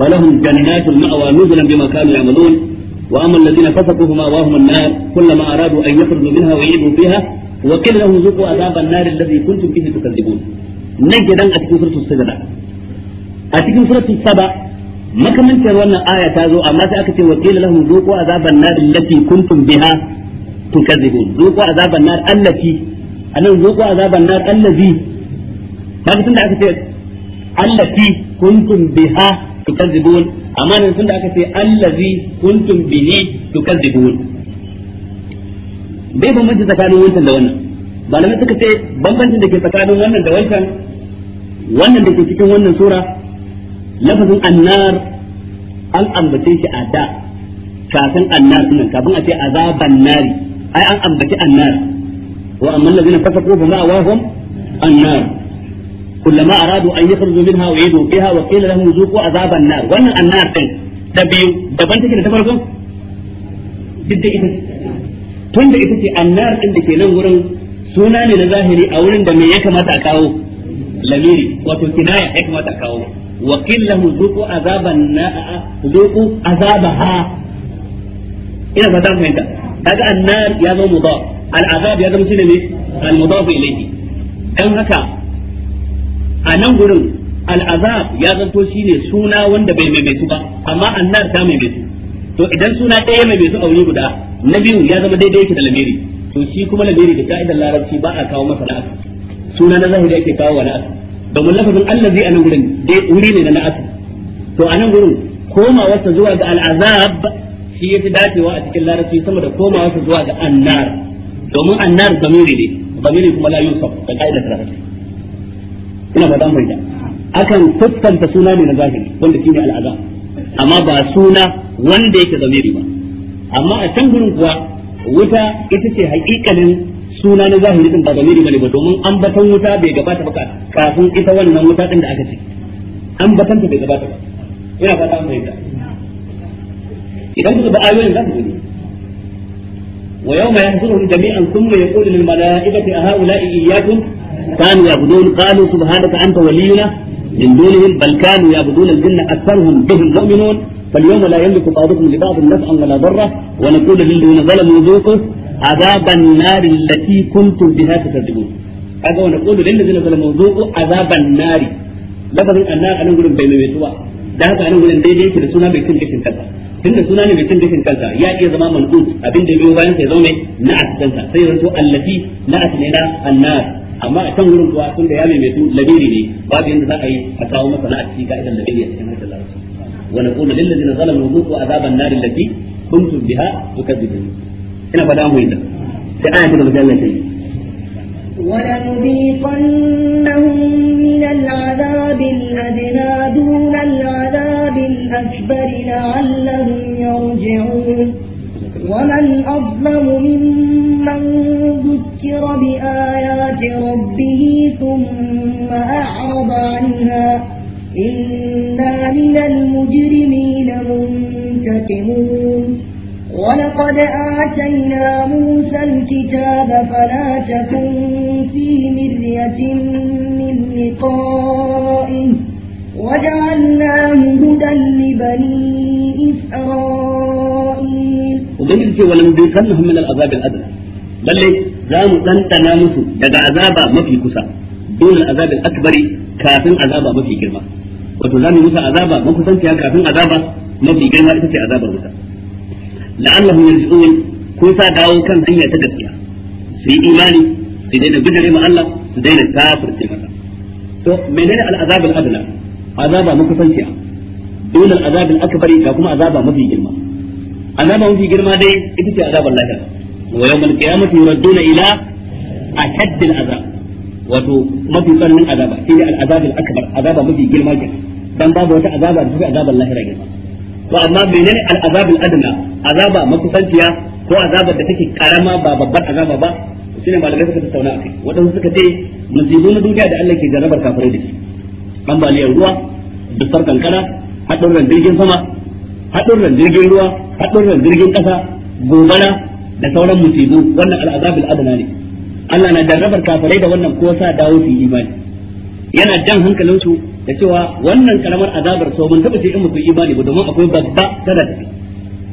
falahum jannatul ma'wa nuzulan bima kanu ya'malun وأما الذين فسقوا فمأواهم النار كلما أرادوا أن يخرجوا منها ويعيدوا فيها وقيل لهم ذوقوا عذاب النار الذي كنتم فيه تكذبون نجدا أتكون سورة السجدة أتكون سورة السبع ما كمان ترونا آية تازو أما تأكد وقيل لهم ذوقوا عذاب النار التي كنتم بها تكذبون ذوقوا عذاب النار التي أنا ذوقوا عذاب النار الذي هذا تندعك التي كنتم بها تكذبون amma nan tunda aka ce allazi kuntum bihi tukadzibun bai bambanci tsakanin wancan da wannan malamai suka ce bambancin da ke tsakanin wannan da wancan wannan da ke cikin wannan sura lafazin annar an ambace shi a da kafin annar sunan kafin a ce azaban nari ai an ambace annar wa amma allazina fasaqu bi ma'awahum annar kullama an yakhruju minha u'idu biha da ita ce annar din da ke nan wurin suna ne na zahiri a wurin da me ya kamata a kawo lamiri wato kinaya ya kamata a kawo wa azaban azabaha ina fata fahimta annar ya mudaf ya zama shine ne al-mudaf ilayhi dan haka a nan gurin al'azab ya zanto ne suna wanda bai maimaitu ba amma annar ta maimaitu to idan suna ɗaya maimaitu a wuri guda na biyu ya zama daidai yake da lamiri to shi kuma lamiri da ka'idar larabci ba a kawo masa na'asa suna na zahiri ake kawo wa na'asa domin lafazin allazi a nan gurin dai wuri ne na na'asa to a nan gurin komawarsa zuwa ga al'azab shi ya fi dacewa a cikin larabci sama da komawarsa zuwa ga annar domin annar zamiri ne zamiri kuma la yusuf da ka'idar larabci ina fata mai akan kuskanta suna ne na zahiri wanda shine al'aza amma ba suna wanda yake zamiri ba amma a can gurin kuwa wuta ita ce haƙiƙanin suna na zahiri din ba zamiri bane ba domin an batan wuta bai gabata ba kafin ita wannan wuta din da aka ce an batanta bai gabata ba ina fata mai da idan kuka ba ayoyin za ku gani ويوم يحضرهم جميعا ثم يقول للملائكة أهؤلاء إياكم كانوا يعبدون قالوا سبحانك أنت ولينا من دونهم بل كانوا يعبدون الجن أكثرهم بهم مؤمنون فاليوم لا يملك بعضكم لبعض نفعا ولا ضرا ونقول للذين ظلموا ذوقوا عذاب النار التي كنتم بها تكذبون هذا ونقول للذين ظلموا ذوقوا عذاب النار لقد النار أنا أقول بين ميتوا da haka anan gurin daidai yake da suna mai cin gashin kansa tunda suna ne mai cin gashin kansa ya iya zama mandud abin da biyo bayan sai zaune na asanta sai zanto allati na annar amma a can wurin kuwa tun da ya maimaitu labiri ne babu yadda za a yi a kawo masa na a cikin ka'idan labiri a cikin harshen larabci wa naqulu lil ladzina zalamu dhuqu azaban nar allati kuntum biha tukadzibun ina fada mu inda sai aya ta gaba Allah sai ولنذيقنهم من العذاب الأدنى دون العذاب الأكبر لعلهم يرجعون ومن أظلم ممن ذكر ذكر بآيات ربه ثم أعرض عنها إنا من المجرمين منتقمون ولقد آتينا موسى الكتاب فلا تكن في مرية من لقائه وجعلناه هدى لبني إسرائيل ولم ولنذيقنهم من العذاب الأدنى ليه؟ za mu ɗanɗana musu daga azaba mafi kusa dole azabin akbari kafin azaba mafi girma wato za mu musu azaba Mun makusanciya kafin azaba mafi girma ita ce azabar wuta la'allahum yarji'un kun sa dawo kan hanya ta gaskiya su yi imani su daina bijire ma Allah su daina kafirce masa to menene al'azab al-adna azaba makusanciya dole azab al-akbari ga kuma azaba mafi girma azaba mafi girma dai ita ce azabar lahira wa yawmal qiyamati yuradduna ila ashaddi al-azab wato mafi tsananin azaba shine ne azab al-akbar azaba mafi girma ke dan babu wata azaba da take azaban lahira girma to amma menene al-azab al-adna azaba makusanciya ko azabar da take karama ba babbar azaba ba shine malamai suka tattauna akai wadansu suka ce musibu na duniya da Allah ke jarabar kafirai da shi ambaliyar ruwa dusar kankara haɗurran jirgin sama haɗurran jirgin ruwa haɗurran jirgin ƙasa gobara da sauran musibu wannan al'azab al'adana ne Allah na jarrabar kafirai da wannan ko sa dawo su imani yana jan hankalinsu da cewa wannan karamar azabar so mun taba ce in mutum imani ba domin akwai babba tana tafi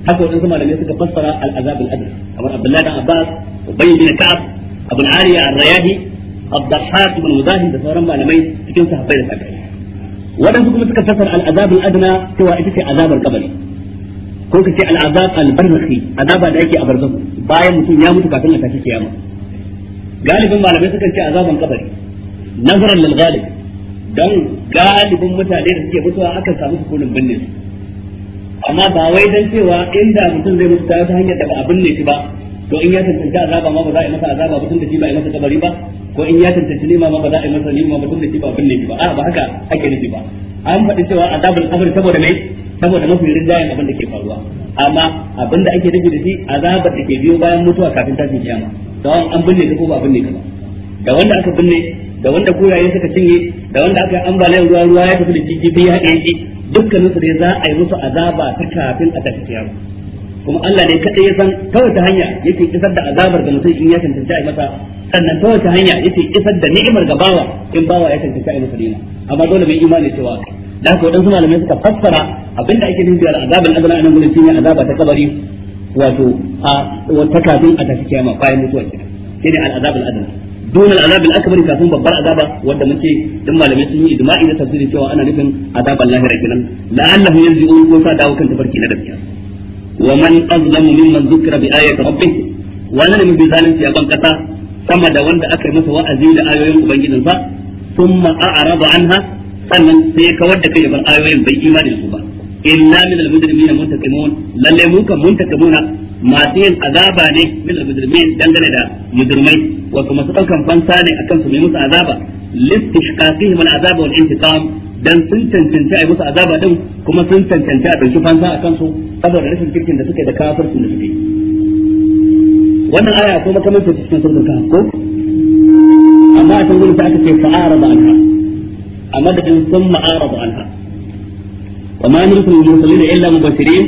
haka wadansu malamai suka fassara al'azab al'adana kamar Abdullahi dan Abbas Ubay bin Ka'ab Abu Aliya Ar-Rayahi Abdahhat bin Muzahim da sauran malamai cikin sahabbai da tabi'in wadansu kuma suka fassara al'azab al'adana cewa ita ce azabar kabari ko ka ce al'azab al-barzakhi azaba da ake a barzakh bayan mutum ya mutu kafin a tashi kiyama galibin malamai sukan ce azaban kabari nazaran lil ghalib dan galibin mutane da suke mutuwa akan samu su sukunin binne amma ba wai dan cewa inda mutum zai mutu ta hanyar da ba a binne shi ba to in ya tantance azaba ma ba za a yi masa azaba ba tunda shi ba a yi masa kabari ba ko in ya tantance nima ma ba za a yi masa ma ba tunda shi ba binne shi ba a ba haka ake nufi ba an faɗi cewa azabul qabr saboda mai saboda mafi rinjayen abin da ke faruwa amma abin da ake nufi da shi azabar da ke biyo bayan mutuwa kafin tashin kiyama da an binne ka ko ba binne kama. ba da wanda aka binne da wanda koyaye suka cinye da wanda aka ambaliyar ruwa ruwa ya tafi da kifi bai haɗe yake dukkanin su dai za a yi musu azaba ta kafin a tashi kiyama kuma Allah ne kadai ya san kawai ta hanya yake isar da azabar da mutum in ya tantance a masa sannan ta wace hanya yace isar da ni'imar ga bawa in bawa ya tantance ainihin fadila amma dole mai imani cewa da haka wadansu malamai suka fassara abinda ake nufi da azabin azana anan gurin shine azaba ta kabari wato a wata kafin a tafi kiyama bayan mutuwar kenan shine al'azabul adana دون العذاب الاكبر kafin babbar azaba wanda muke duk malamai sun yi ijma'i da tafsirin cewa ana nufin azaban lahira kenan la'allahu yanzu ko sa dawo kan tafarki na gaskiya wa man azlamu mimman dhukira bi ayati rabbih wa lam yuzalimu bi zalimi ya sama da wanda aka yi masa wa'azi da ayoyin ubangijinsa thumma a'rada ha sannan sai kawar da kai bar ayoyin bai imani da su ba inna min al-mujrimina muntakimun lalle mu kan muntakimuna masu yin azaba ne min al-mujrimin dangane da mujrimai wato masu daukan fansa ne akan su mai musu azaba listishqaqihim al-azaba wal intiqam dan sun cancanci a yi musu azaba din kuma sun cancanci a dauki fansa akan su saboda rashin kirkin da suke da kafircin da suke wannan aya ko makamanta cikin ka ko amma a can gurin aka ce fa'arada anha a madadin sun ma'arada anha wa ma nursul mursalin illa mubashirin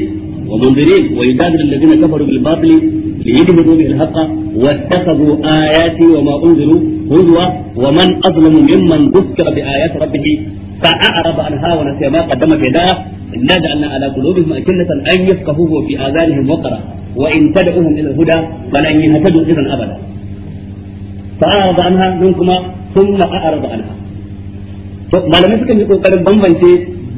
wa mundirin wa yudadil alladhina kafaru bil batil ليدمروا به الحق واتخذوا آياتي وما أنزلوا هزوا ومن أظلم ممن ذكر بآيات wa in tad'uhum ila al-huda falan yahtadu idan abada fa'arada anha nan kuma thumma a'rada anha to malamai suka yi kokarin bambance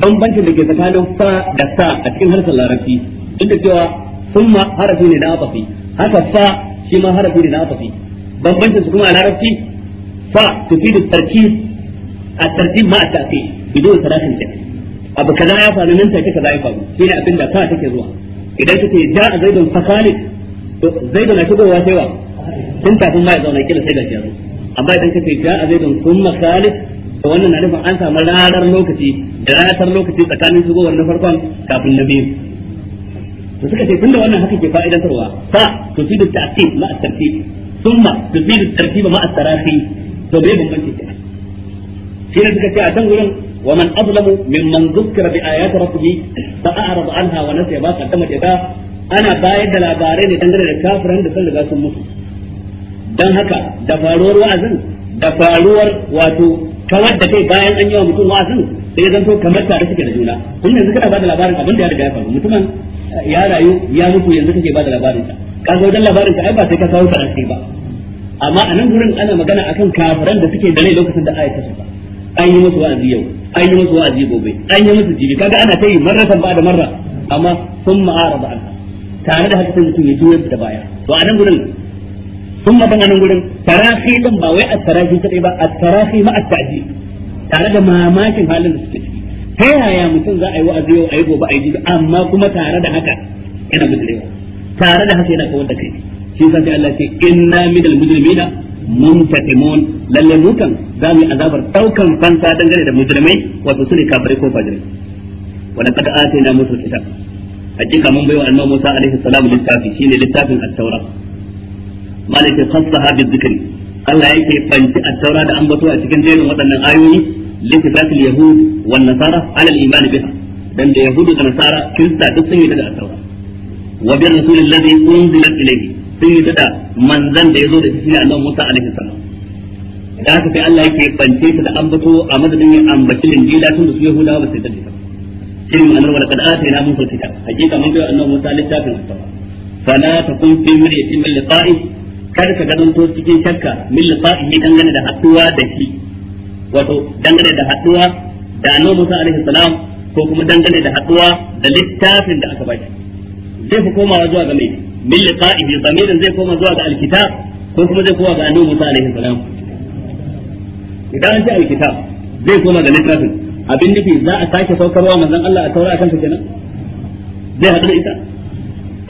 bambancin da ke tsakanin fa da sa a cikin harshen larabci duk da cewa thumma harafi ne na afafi haka fa shi ma harafi ne na afafi bambancin su kuma a larabci fa tarkib بدون ثلاث انتهاء abu kaza ya faru nan take kaza ya faru shine abin ka take zuwa idan kace ja'a zaidun fakalik zaidun na shigowa sai wa tun kafin ma ya zauna kila sai gashi yazo amma idan kace a zaidun sun khalid to wannan na nufin an samu ranar lokaci da ranar lokaci tsakanin shigowar na farkon kafin na biyu to suka ce tunda wannan haka ke fa'idantarwa fa tufidu fi ma at-tartib thumma tufidu at-tartib ma at-tarahi to bai bambanci kenan shi ne suka ce a can wurin. ومن أظلم ممن ذكر بآيات ربه فأعرض عنها ونسي ما قدمت يداه أنا بايد labarai ne dangane da kafiran da sun riga sun mutu dan haka da faruwar wa'azin da faruwar wato kawar da kai bayan an mutum wa'azin sai ya zanto kamar tare suke da juna kun yanzu kana bada labarin abin da ya riga ya faru mutumin ya rayu ya mutu yanzu kake bada labarin sa ka ga labarin ka ai ba sai ka kawo faransi ba amma a nan gurin ana magana akan kafiran da suke da rai lokacin da ayata su ba an yi musu wa'azi yau an yi musu wa'azi gobe an yi musu jibi kaga ana ta yi marratan ba da marra amma sun ma'ara ba an tare da haka sun mutum ya da baya to a nan gudun, sun ma a nan gudun, tarahi din ba wai a tarahi kadai ba A tarahi ma a tadi tare da mamakin halin da suke ta yaya mutum za a yi wa'azi yau a yi gobe a yi jibi amma kuma tare da haka yana bidirewa tare da haka yana kawar da kai shi yasa sai Allah ce inna minal mujrimina muntaqimun lalle mu kan za mu azabar daukan fansa dangane da mujrimai wato sune kafirai ko fajiri. fajirai wa laqad na musu kitab hakika mun baiwa annabi Musa alaihi salam littafi shine littafin at-taura malaka khassaha bizikri Allah yake fanci at-taura da ambato a cikin jerin waɗannan ayoyi littafin al-yahud wan nasara ala al-iman biha dan da yahudu da nasara kirista duk sun yi da at-taura wa bi rasulil ladhi unzila ilayhi sun yi tada manzan da ya zo da shi annabi Musa alaihi salam da aka sai Allah yake bance ta da ambato a madadin ya ambaci linjila tun da su Yahudawa ba sai da ita shi ma'anar wala kad atayna Musa kitab hakika mun ga annabi Musa littafin sa fala kun fi mir'atin min liqa'i kada ka to cikin shakka min liqa'i dangane da haduwa da shi wato dangane da haduwa da annabi Musa alaihi salam ko kuma dangane da haduwa da littafin da aka baki zai fi komawa zuwa ga mai min liqa'ihi zamirin zai koma zuwa ga alkitab ko kuma zai koma ga annabi Musa alaihi salam idan an ce alkitab zai koma ga littafin abin nufi za a sake saukarwa manzon Allah a taura kansa kenan zai haɗu da ita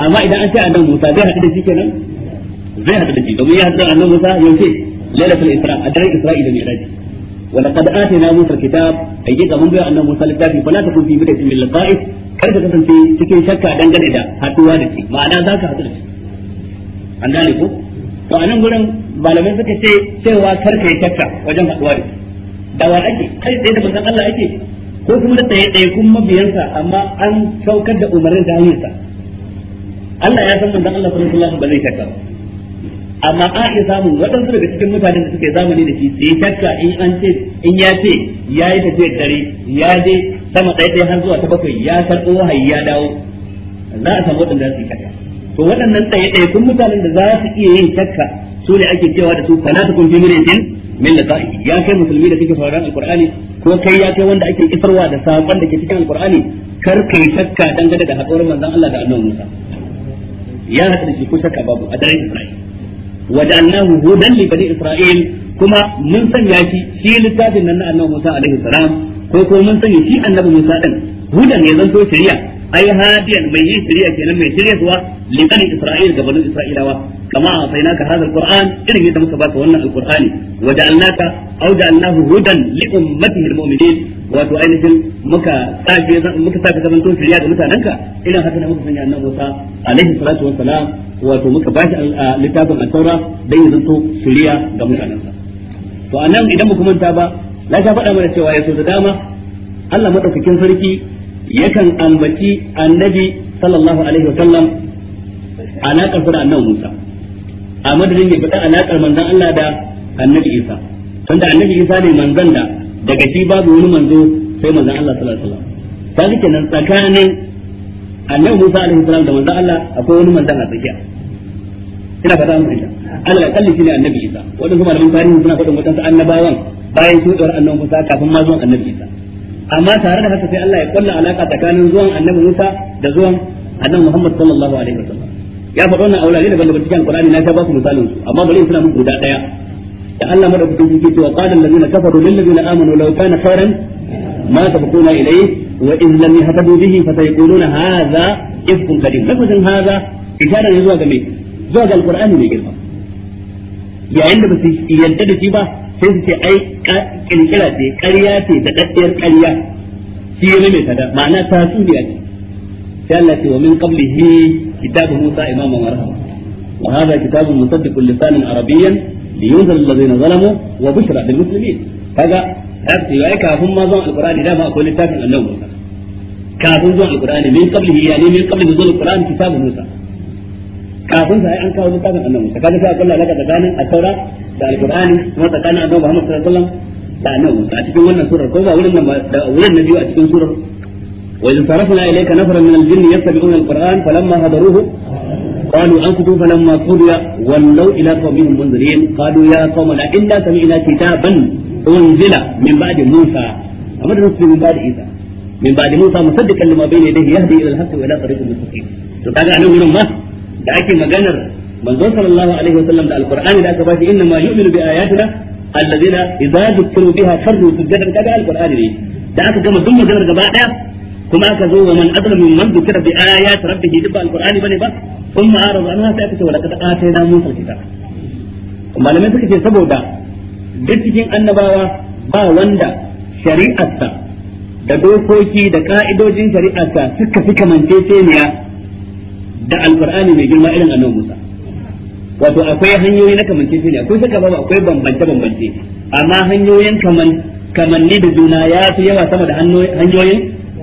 amma idan an ce annabi Musa zai haɗu da shi kenan zai haɗu da shi domin ya haɗu da annabi Musa yaushe lailatul isra a daren isra'i da mi'raj ولقد آتينا موسى الكتاب أي جزء من بيع أن موسى الكتاب فلا تكن في بدعة من لقائه kar ka kasance cikin shakka dangane da haduwa da shi ma'ana za ka haɗu da shi an gane ko to a nan gurin malamai suka ce cewa kar ka yi shakka wajen haduwa da shi da wa ake kai tsaye da manzon Allah ake ko kuma da tsaye tsaye kun mabiyansa amma an saukar da umarnin da hanyarsa Allah ya san manzon Allah sallallahu alaihi wasallam ba zai shakka amma a ake samun waɗansu daga cikin mutanen da suke zamani da shi su yi shakka in an ce in ya ce ya yi tafiyar dare ya je sama ɗaya sai har zuwa ta bakwai ya karɓo wahayi ya dawo za a samu waɗanda za su yi kaɗa to waɗannan ɗaya ɗaya kun mutanen da za su iya yin shakka su ne ake cewa da su kana ta kun fi miriyatin min laqa'i ya kai musulmi da kake sauraron Alƙur'ani? ko kai ya kai wanda ake kifarwa da saƙon da ke cikin Alƙur'ani? kar kai shakka dangane da haɗuwar manzon Allah da annabi Musa ya haɗa da shi ko shakka babu a dare Isra'il wa ja'alnahu hudan li bani Isra'il kuma mun sanya shi shi littafin nan na annabi Musa alaihi salam ko ko mun sani shi annabi Musa din hudan ya zanto shari'a ai hadiyan mai yi shari'a kenan mai shari'a kuwa liqani isra'il ga banu isra'ilawa kama asainaka hadal qur'an irin yadda muka baka wannan alqur'ani wa ja'alnaka aw ja'alnahu hudan li ummatihi almu'minin wato ainihin muka tsaje muka sa ka zanto shari'a ga mutananka idan haka ne muka sanya annabi Musa alaihi salatu wa salam wato muka bashi littafin at-taura dan ya zanto shari'a ga mutananka to anan idan muka manta ba na ta faɗa mana cewa ya so da dama Allah madaukakin sarki yakan ambaci annabi sallallahu alaihi wa sallam alaƙar da annabi Musa a madadin ya faɗa alaƙar manzon Allah da annabi Isa tunda annabi Isa ne manzon da daga shi babu wani manzo sai manzon Allah sallallahu alaihi wa sallam kaga kenan tsakanin annabi Musa alaihi salam da manzon Allah akwai wani manzon a tsakiya ina fata mun Allah kalli shine annabi Isa wadansu malaman tarihi suna faɗin wadansu annabawan bayan shudar annabi Musa kafin ma zuwan annabi Isa amma tare da haka sai Allah ya kulla alaka tsakanin zuwan annabi Musa da zuwan annabi Muhammad sallallahu alaihi wasallam ya faɗa wannan aulali daban daban cikin Qur'ani na ta ba ku misalin su amma bari in tuna muku guda daya da Allah madaukakin sarki cewa qala allazina kafaru lil ladina amanu law kana khairan ma sabquna ilayhi wa in lam yahtadu bihi fasayquluna hadha ifkun qadim lafazin hadha isharar zuwa ga me zuwa ga alqur'ani ne girma yayin da ba su yarda da shi ba sai su ce ai kirkira ce ƙarya ce da daddiyar ƙarya shi ya mai kada ma'ana ta su suniya ce sai Allah ce wa min qablihi kitabu Musa imaman wa rahma wa hadha kitabun musaddiqun lisanan arabiyyan liyunzira alladhina zalamu wa bushra lil muslimin kaga ce yayi kafin ma zan alqur'ani da ma akwai littafin annabi Musa kafin zan alqur'ani min qablihi yani min qabli zuwan alqur'ani kitabu Musa kafin sai an kawo littafin annabi Musa kaga sai akalla alaka tsakanin at-taura da al-qur'ani kuma tsakanin annabi Muhammad sallallahu alaihi wasallam da annabi Musa a cikin wannan surar ko ba wurin nan da wurin na a cikin surar wa sarafna ilayka nafaran min al-jinni yastabi'una al-qur'an falamma hadaruhu قالوا فلما قضي ولوا إلى قومهم منذرين قالوا يا سمعنا كتابا أنزل من بعد موسى من بعد إيسى من بعد موسى مصدقا لما بين يديه يهدي إلى الحق وإلى طريق المستقيم فقال da ake maganar manzo sallallahu alaihi wasallam da alqur'ani da aka bashi inna ma yu'minu bi ayatina alladhina idza dhukiru biha kharru sujadan kaga alqur'ani ne da aka gama duk maganar gaba daya kuma aka zo wa man azlamu mimman dhukira bi ayati rabbih dibba alqur'ani bane ba kuma arada anha sai aka ce ta atayna musa alkitab malamai suka ce saboda duk cikin annabawa ba wanda shari'arsa da dokoki da ka'idojin shari'arsa suka fi kamanceceniya da alkur'ani mai girma irin annabi Musa wato akwai hanyoyi na kamance shi ne akwai saka babu akwai bambance bambance amma hanyoyin kaman kamanni da juna ya fi yawa sama da hanyoyin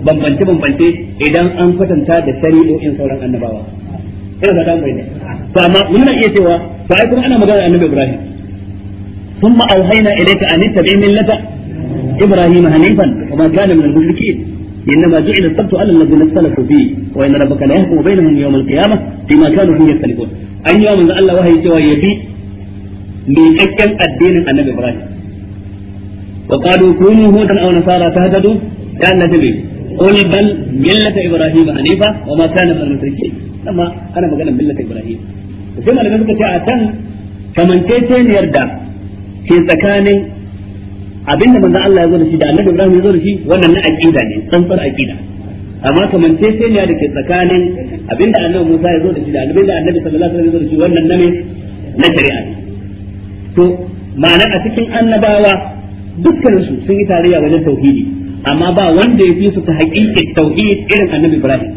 bambance bambance idan an kwatanta da shari'o'in sauran annabawa ina da dan ne, to amma muna iya cewa to ai kuma ana magana annabi Ibrahim thumma auhayna ilayka an tabi'a millata ibrahim hanifan wa kana min al-mushrikeen إنما جعل السبت على الذين اختلفوا فيه وإن ربك لا يحكم بينهم يوم القيامة فيما كانوا فيه يختلفون أن يوم أن الله وهي سوى يبي ليحكم الدين النبي إبراهيم وقالوا كونوا هودا أو نصارى تهتدوا كان نجبي قل بل ملة إبراهيم حنيفة وما كان من المشركين لما أنا بقول ملة إبراهيم sai malamai suka ce a can kamanceceniyar da ke tsakanin abinda manzon Allah ya zo da shi da annabi Ibrahim ya zo da shi wannan na aqida ne tsantsar aqida amma kaman sai sai ne da ke tsakanin abinda annabi Musa ya zo da shi da abinda annabi sallallahu alaihi wasallam ya zo da shi wannan na ne na shari'a to ma'ana a cikin annabawa dukkanin su sun yi tarayya wajen tauhidi amma ba wanda ya fi su ta haƙiƙin tauhid irin annabi Ibrahim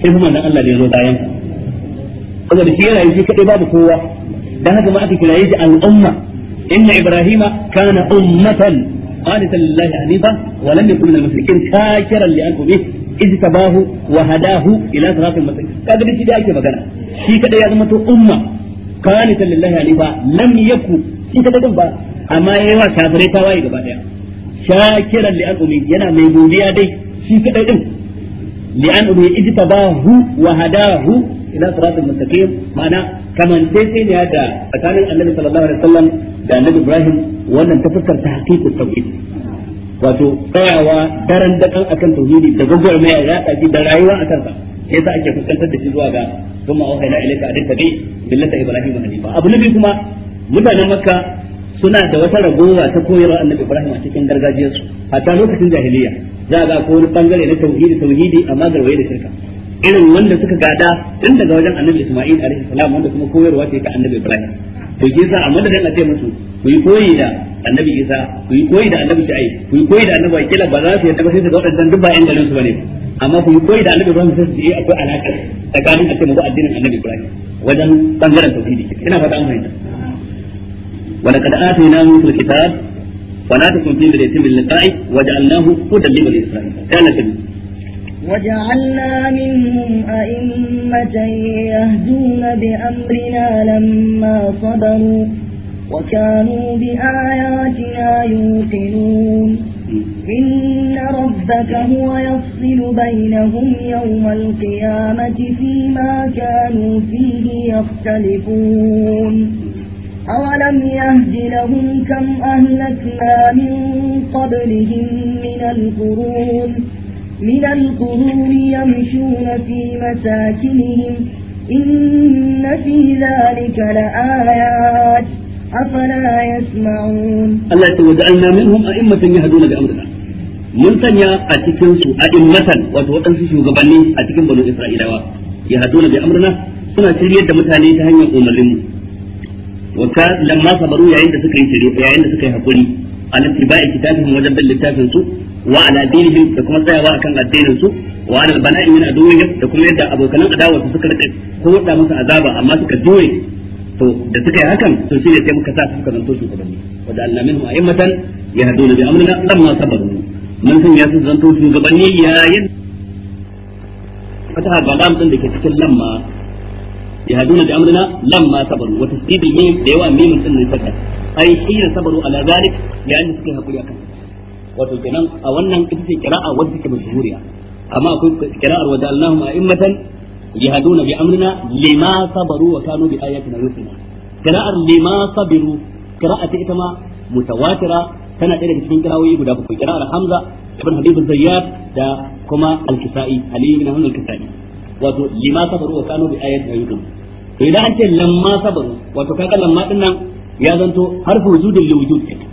sai kuma manzon Allah da ya zo bayan saboda shi yana yi shi kadai babu kowa dan haka ma aka kiraye shi al'umma إن إبراهيم كان أمة قانتا لله حنيفا ولم يكن من المشركين كافرا لأنفسه إذ تباه وهداه إلى صراط المستقيم كذا دي دي ake magana shi kada ya zama umma qanitan lillahi hanifa lam yaku shi kada din ba amma yayi wa kafirai tawaye gaba daya shakiran li anumi yana mai godiya dai shi kada din li anumi ijtabahu ila ma'ana kamanceceniya da tsakanin annabi sallallahu alaihi wasallam da annabi ibrahim wannan ta fuskar ta haƙiƙu tauhid wato tsayawa daren dakan akan tauhidi da gwagwarmaya ya tsaji da rayuwa a kansa sai sa ake fuskantar da shi zuwa ga kuma auha ila ilaika adin tabi billata ibrahim hanifa abu nabi kuma mutanen makka suna da wata ragowa ta koyarwa annabi ibrahim a cikin gargajiyarsu hatta lokacin jahiliya za a ga ko wani bangare na tauhidi tauhidi amma garwaye da shirka irin wanda suka gada tun daga wajen annabi Isma'il alaihi salam wanda kuma koyarwa ce ta annabi Ibrahim to ke sa a madadin a ce musu ku yi koyi da annabi Isa ku yi koyi da annabi Shu'aib ku yi koyi da annabi Akila ba za su yadda ba sai su ga wadannan duk ba ƴan garin su bane amma ku yi koyi da annabi Ibrahim sai su yi eh, akwai alaƙa tsakanin a ce mu addinin annabi Ibrahim wajen bangaren tauhidi ina fata an fahimta ولقد آتينا موسى الكتاب ولا تكن في مرية من لقائه وجعلناه hudan lil إسرائيل kana كذلك وجعلنا منهم أئمة يهدون بأمرنا لما صبروا وكانوا بآياتنا يوقنون إن ربك هو يفصل بينهم يوم القيامة فيما كانوا فيه يختلفون أولم يهد لهم كم أهلكنا من قبلهم من القرون من القرون يمشون في مساكنهم إن في ذلك لآيات أفلا يسمعون الله وجعلنا منهم أئمة يهدون بأمرنا mun sanya a cikin su a immatan wato waɗansu shugabanni a cikin banu isra'ilawa ya hadu da amrina suna shiryar da mutane ta hanyar umarnin mu wa ka lamma sabaru yayin da suka yi shirye yayin da suka hakuri an tibai wajen bin littafin su wa ala dinihim da kuma tsayawa akan addinin su wa ala bala'i min aduwwihim da kuma yadda abokanan adawa su suka rike ko da musu azaba amma suka jure to da suka yi hakan to shine sai muka sa suka zanto su gaba ne wa da anna minhum a'immatan yahduna bi amrina lamma sabaru mun san ya su zanto su gaba ne yayin fataha galam din da ke cikin lamma ya yahduna bi amrina lamma sabaru wa tasdidul mim da yawa mimin din ne saka ai shi sabaru ala zalik yayin da suka yi hakuri akan wato kenan a wannan ita ce kira'a wadda take mashhuriya amma akwai kira'ar wa ja'alnahum a'immatan yahduna bi amrina lima sabaru wa kanu bi ayatina yuqinun kira'ar lima sabiru kira'a ta ita ma mutawatira tana ɗaya daga cikin kirawoyi guda bakwai kira'ar hamza ibn habib zayyad da kuma al-kisa'i ali ibn hamza al-kisa'i wato lima sabaru wa kanu bi ayatina yuqinun to idan an ce lamma sabaru wato kaga lamma din nan ya zanto harfu wujudin li wujud kenan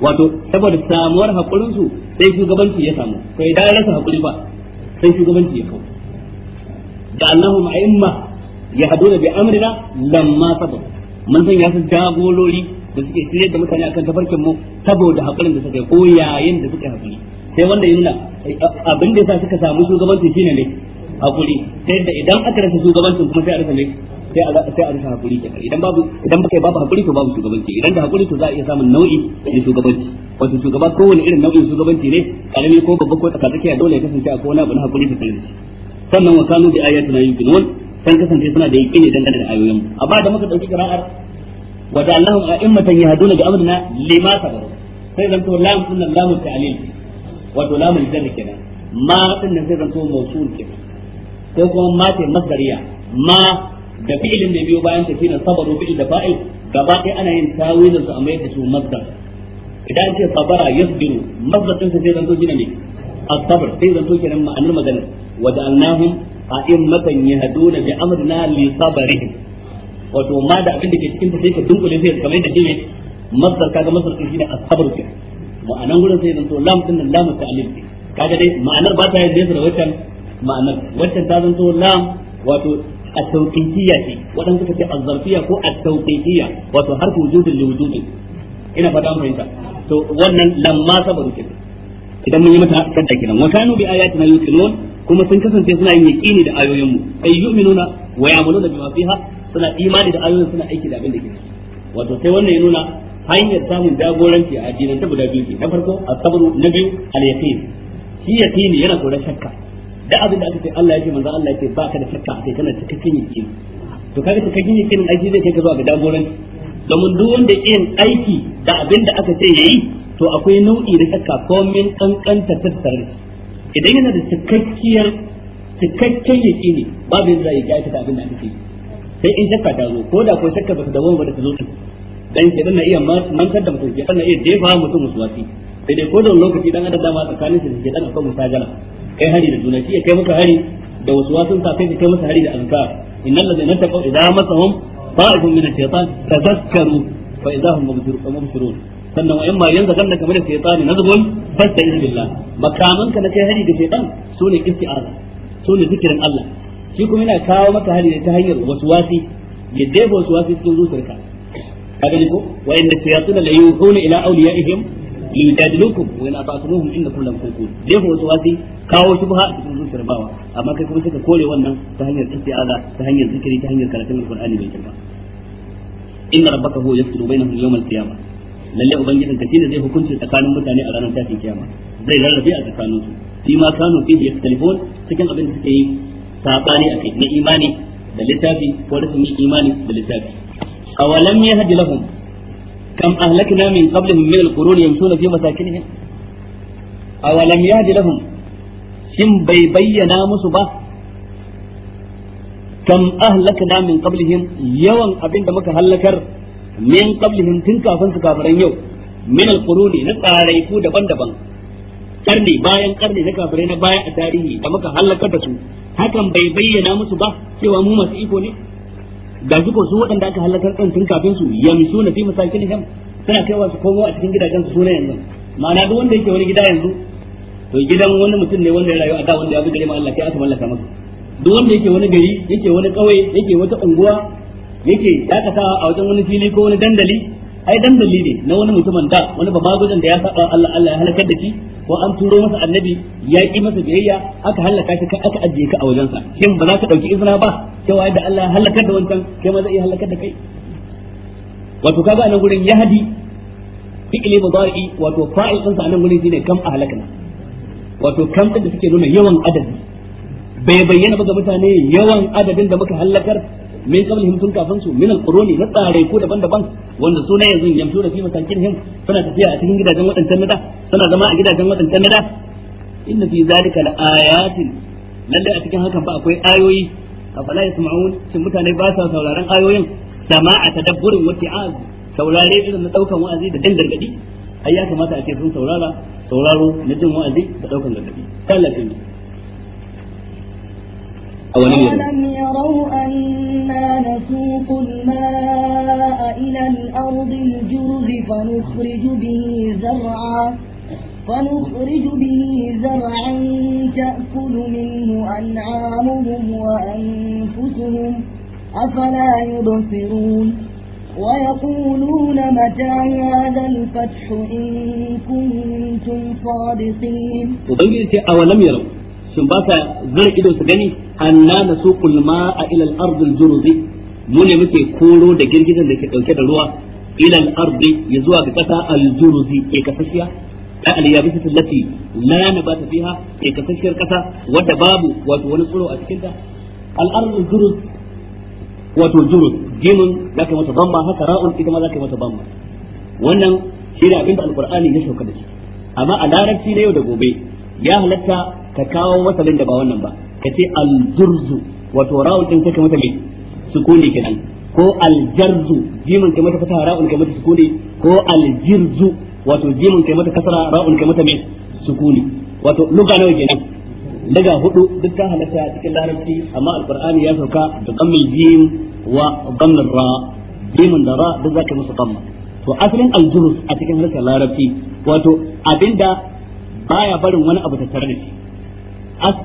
wato saboda samuwar hakurin su sai shugabanci ya samu Ko idan rasa hakuri ba sai shugabanci ya kawo da ya hadu da bi amrina lamma sabar mun san ya san jagorori da suke tsire da mutane akan tafarkin mu saboda hakurin da suka ko yayin da suka hakuri sai wanda yana abin da yasa suka samu shugabanci shine ne hakuri sai da idan aka rasa shugabancin kuma sai a rasa ne sai a sai a rufe hakuri kenan idan babu idan baka babu hakuri to babu shugabanci idan da hakuri to za a iya samun nau'i na shugabanci wato shugaba kowane irin nau'in shugabanci ne karami ko babba ko tsakatsakiya dole ya kasance a kowane abu na hakuri ta tare sannan wa kanu bi ayatina yuqinun san kasance suna da yaqini dangane da ayoyin a ba da muka dauki qira'ar wa ja'alnahum a'immatan yahduna bi amrina lima sabaru sai zanto lam sunan lam ta'lil wato lamu jarri kenan ma din nan sai zanto mawsul kenan ko kuma ma ta masdariya ma da fi'ilin da biyo bayan ta na sabaru fi'il da fa'il gaba ɗaya ana yin tawilin su a mai da su mazdar idan ce sabara yasbiru mazdar sun sai zanto shine ne as-sabr sai zanto kenan ma'anar magana wa ya a'immatan yahduna bi amrina li sabrihim wato ma da abin da ke cikin ta sai ka dunkule sai kamar da shine mazdar kaga masdar din shine as-sabr ke ma'anar gurin sai zanto lam din nan lam ta'alim kaga dai ma'anar ba ta yin da wancan, ma'anar wancan ta zanto lam wato at-tawqifiyya ce wadanda suka ce az-zarfiyya ko at-tawqifiyya wato harfu wujudin li wujudi ina fata mun fahimta to wannan lamma sabaru ke idan mun yi mata kan nan wa kanu bi ayatina yuqinun kuma sun kasance suna yin yaqini da ayoyin mu ay yu'minuna wa ya'maluna bima fiha suna imani da ayoyin suna aiki da abin da wato sai wannan ya nuna hanyar samun jagoranci a addinin ta guda biyu na farko as na biyu al-yaqin shi yana koran shakka da abin da aka ce Allah ya ce manzo Allah ya ce baka da shakka kai kana cikakken yake to kaga cikakken yake nan aiki zai kai ka zuwa ga jagoranci domin duk wanda yin aiki da abin da aka ce yayi to akwai nau'i da shakka komin kankanta tattare idan yana da cikakkiyar cikakken yake ne babu yadda zai yi ta abin da aka ce sai in shakka ta zo ko da ko shakka ba ta dawo ba da ta zo dan ke na iya mantar da mutum ke na iya jefa mutum musuwasi sai dai ko da lokaci dan adam tsakanin shi ke dan akwai musajala kai hari da juna shi ya kai maka hari da wasu wasun sa kai ka kai masa hari da azkar innal ladzina taqaw idza masahum ta'ifun min ash-shaytan tadhakkaru fa idza hum mubsirun sannan wa ma yanzu kan da kamar shaytan nazbun fasta'in billah makaman ka na kai hari da shaytan sune isti'aza sune zikirin Allah shi kuma yana kawo maka hari ne ta hanyar wasu wasi ya jefa wasu wasi cikin zuciyarka kaga ne ko wa inna shayatin la yuhuna ila awliyaihim li yujadilukum wa in ata'tumuhum innakum lam takun dai ko kawo shubha a cikin zuciyar bawa amma kai kuma suka kore ta hanyar isti'aza ta hanyar zikiri ta hanyar karatun girma inna rabbaka huwa yafsilu bainahum yawm al-qiyamah lalle zai hukunci tsakanin mutane a ranar tashin kiyama zai rarrabe a tsakanin su fi ma kanu fi yaktalifun cikin abin da suke yi sabani akai na imani da littafi ko imani da littafi awalam yahdi كم أهلكنا من قبلهم من القرون يمشون في مساكنهم أولم يهد لهم شم بي بينا مصبا كم أهلكنا من قبلهم يوم أبين دمك هلكر من قبلهم تنكا فنسك فرينيو من القرون نتعرفو دبن دبن karni bayan karni na kafirai na baya a tarihi da muka halakar da su hakan bai bayyana musu ba cewa mu masu iko ne ga su ko su waɗanda aka halakar kan tun kafin su yamsu na fi masakinihim suna kai su komo a cikin gidajen su suna yanzu ma'ana duk wanda yake wani gida yanzu to gidan wani mutum ne wanda ya rayu a da wanda ya bi gari ma Allah kai aka mallaka masa duk wanda yake wani gari yake wani kauye yake wata unguwa yake dakatawa a wajen wani fili ko wani dandali ai dan dalili na wani mutumin da wani ba magudan da ya saba Allah Allah ya halakar da shi ko an turo masa annabi ya yi masa biyayya aka halaka shi kai aka ajiye ka a wajen sa shin ba za ka dauki izina ba cewa da Allah ya halakar da wancan kai ma zai iya halakar da kai wato kaga anan gurin yahdi fi'li mudari wato fa'il din sa anan gurin shine kam ahlakna wato kam din da suke nuna yawan adadi bai bayyana ba ga mutane yawan adadin da muka halakar min qablihim tun kafin su min alquruni na tsare ko daban-daban wanda su na yanzu yamsu da fi masakinhim suna tafiya a cikin gidajen waɗancan nada suna zama a gidajen waɗancan nada inna fi zalika nan lalle a cikin hakan ba akwai ayoyi ya yasma'un shin mutane ba sa sauraron ayoyin a tadabburin wa ti'az saurare irin na daukan wa'azi da dangargadi ai ya kamata a ce sun saurara sauraro na jin wa'azi da daukan gargadi tallafi أولم يروا أنا نسوق الماء إلى الأرض الجرز فنخرج به زرعا فنخرج به زرعا تأكل منه أنعامهم وأنفسهم أفلا يبصرون ويقولون متى هذا الفتح إن كنتم صادقين أولم يروا shin ba sa zira ido su gani anna nasuqul ma'a ila al-ard al mu ne muke koro da girgizan da ke dauke da ruwa ila al ya zuwa ga kasa al ke kasashiya da al allati la nabata fiha ke kasashiyar kasa wadda babu wato wani tsiro a cikin ta al al-jurz wato jurz jimin zaka mata haka ra'un ita ma zaka mata wannan shi ne abinda ya da shi amma a larabci na yau da gobe ya halatta ka kawo wasalin da ba wannan ba ka ce aljurzu wato raun din kake mata mai sukuni kenan ko aljarzu jimin kai mata fata ra'un kai mata sukuni ko aljirzu wato jimin kai mata kasara ra'un kai mata mai sukuni wato luga nawa kenan daga hudu duk ta halatta cikin larabci amma alqur'ani ya sauka da qammil jim wa qammil ra jimin da ra duk zaka musu qamma to asalin aljurus a cikin harshen larabci wato abinda baya barin wani abu tattare da shi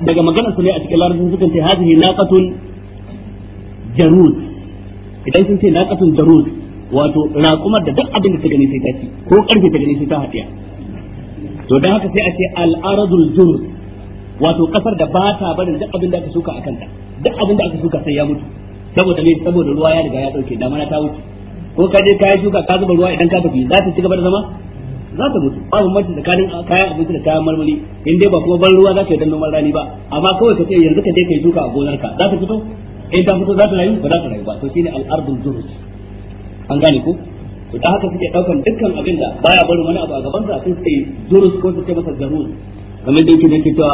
daga maganar su ne a cikin larabcin sukan ce hadhihi naqatun jarud idan sun ce naqatun jarud wato raqumar da duk abin da ta gani sai ta ci ko karfe ta gani sai ta hadiya to dan haka sai a ce al-aradul jurud wato kasar da bata ta barin duk abin da aka shuka a kanta duk abin da aka shuka sai ya mutu saboda me saboda ruwa ya riga ya dauke da mana ta wuce ko ka je ka yi shuka ka zuba ruwa idan ka tafi za ta ci gaba da zama za ta mutu babu mutu tsakanin kayan abinci da kayan marmari in dai ba kuma ban ruwa za ka yi dan noman rani ba amma kawai ka ce yanzu ka je ka yi duka a gonarka za ta fito in ta fito za ta rayu ba za ta rayu ba to shine ardul durus an gane ko to da haka suke daukan dukkan abin da baya barin wani abu a gaban sa sai sai durus ko sai masa jaruz kamar da yake da cewa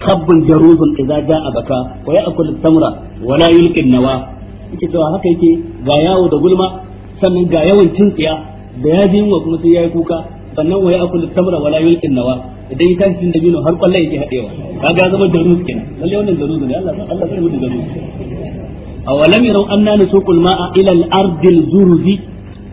kabbun jaruzun idza jaa baka wa ya'kul tamra wa la yulqi nawa yake cewa haka yake ga yawo da gulma sannan ga yawan tintsiya da ya ji wa kuma sai ya yi kuka sannan waya akul tamra wala yulkin nawa idan ya tashi da bino har kwallon yake hadewa kaga ya zama darus kenan lalle wannan darus ne Allah Allah sai mutu darus awalam yarau anna nasuqul ma'a ila al-ardi al-zurzi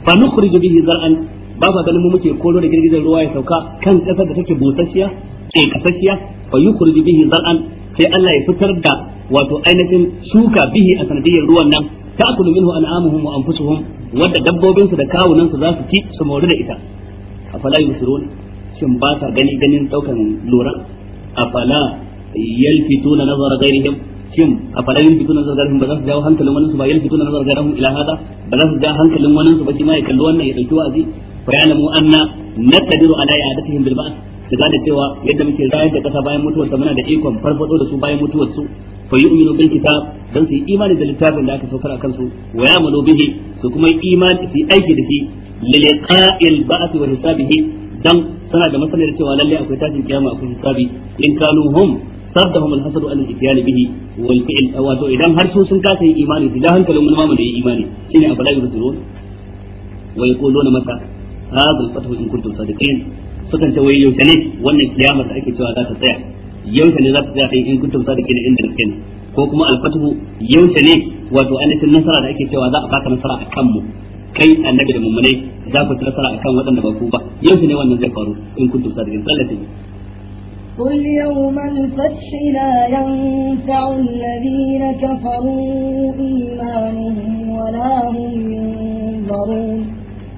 fa nukhrij bihi zar'an ba ba ganin mu muke koro da girgizar ruwa ya sauka kan kasar da take busasshiya ke kasashiya fa yukhrij bihi zar'an sai Allah ya fitar da wato ainihin shuka bihi a sanadiyar ruwan nan ta'kulu minhu an'amuhum wa anfusuhum wadda dabbobinsu da kawunansu za su ci su mori da ita afala yusirun shin ba ta gani ganin daukan lura afala yalfituna nazara ghairihim shin afala yalfituna nazara ghairihim ba za su jawo hankalin wani su ba yalfituna nazara ghairihim ila hada ba za su jawo hankalin wani su ba shi ma ya kalli wannan ya dauki wa'azi fa ya'lamu anna naqdiru ala i'adatihim bil ba'th su gane cewa yadda muke rayar da kasa bayan mutuwar sa muna da ikon farfado da su bayan mutuwar su fa yu'minu bil kitab dan su yi imani da littafin da aka saukar akan su wa ya'malu bihi su kuma imani su aiki da shi liliqa'il ba'th wa hisabihi dan suna da masalar cewa lalle akwai tashin kiyama akwai hisabi in kanu hum saddahum al-hasadu an al-ityan bihi wal fi'l wato idan har su sun kasa yin imani da hankalin mun ma da yin imani shine a bala'i rusulun wa yaquluna mata hadha al-fathu in kuntum sadiqin sukan ce wai yaushe ne wannan kiyamar da ake cewa za ta tsaya yaushe ne za ta ko kuma al yaushe ne wato annatin nasara da ake cewa za a baka nasara a kanmu kai annabi da mummunai za ku ci nasara akan waɗanda ba ku ba yanzu ne wannan zai faru in kuntum sadiqin sallati قل يوم الفتح لا ينفع الذين كفروا إيمانهم ولا هم ينظرون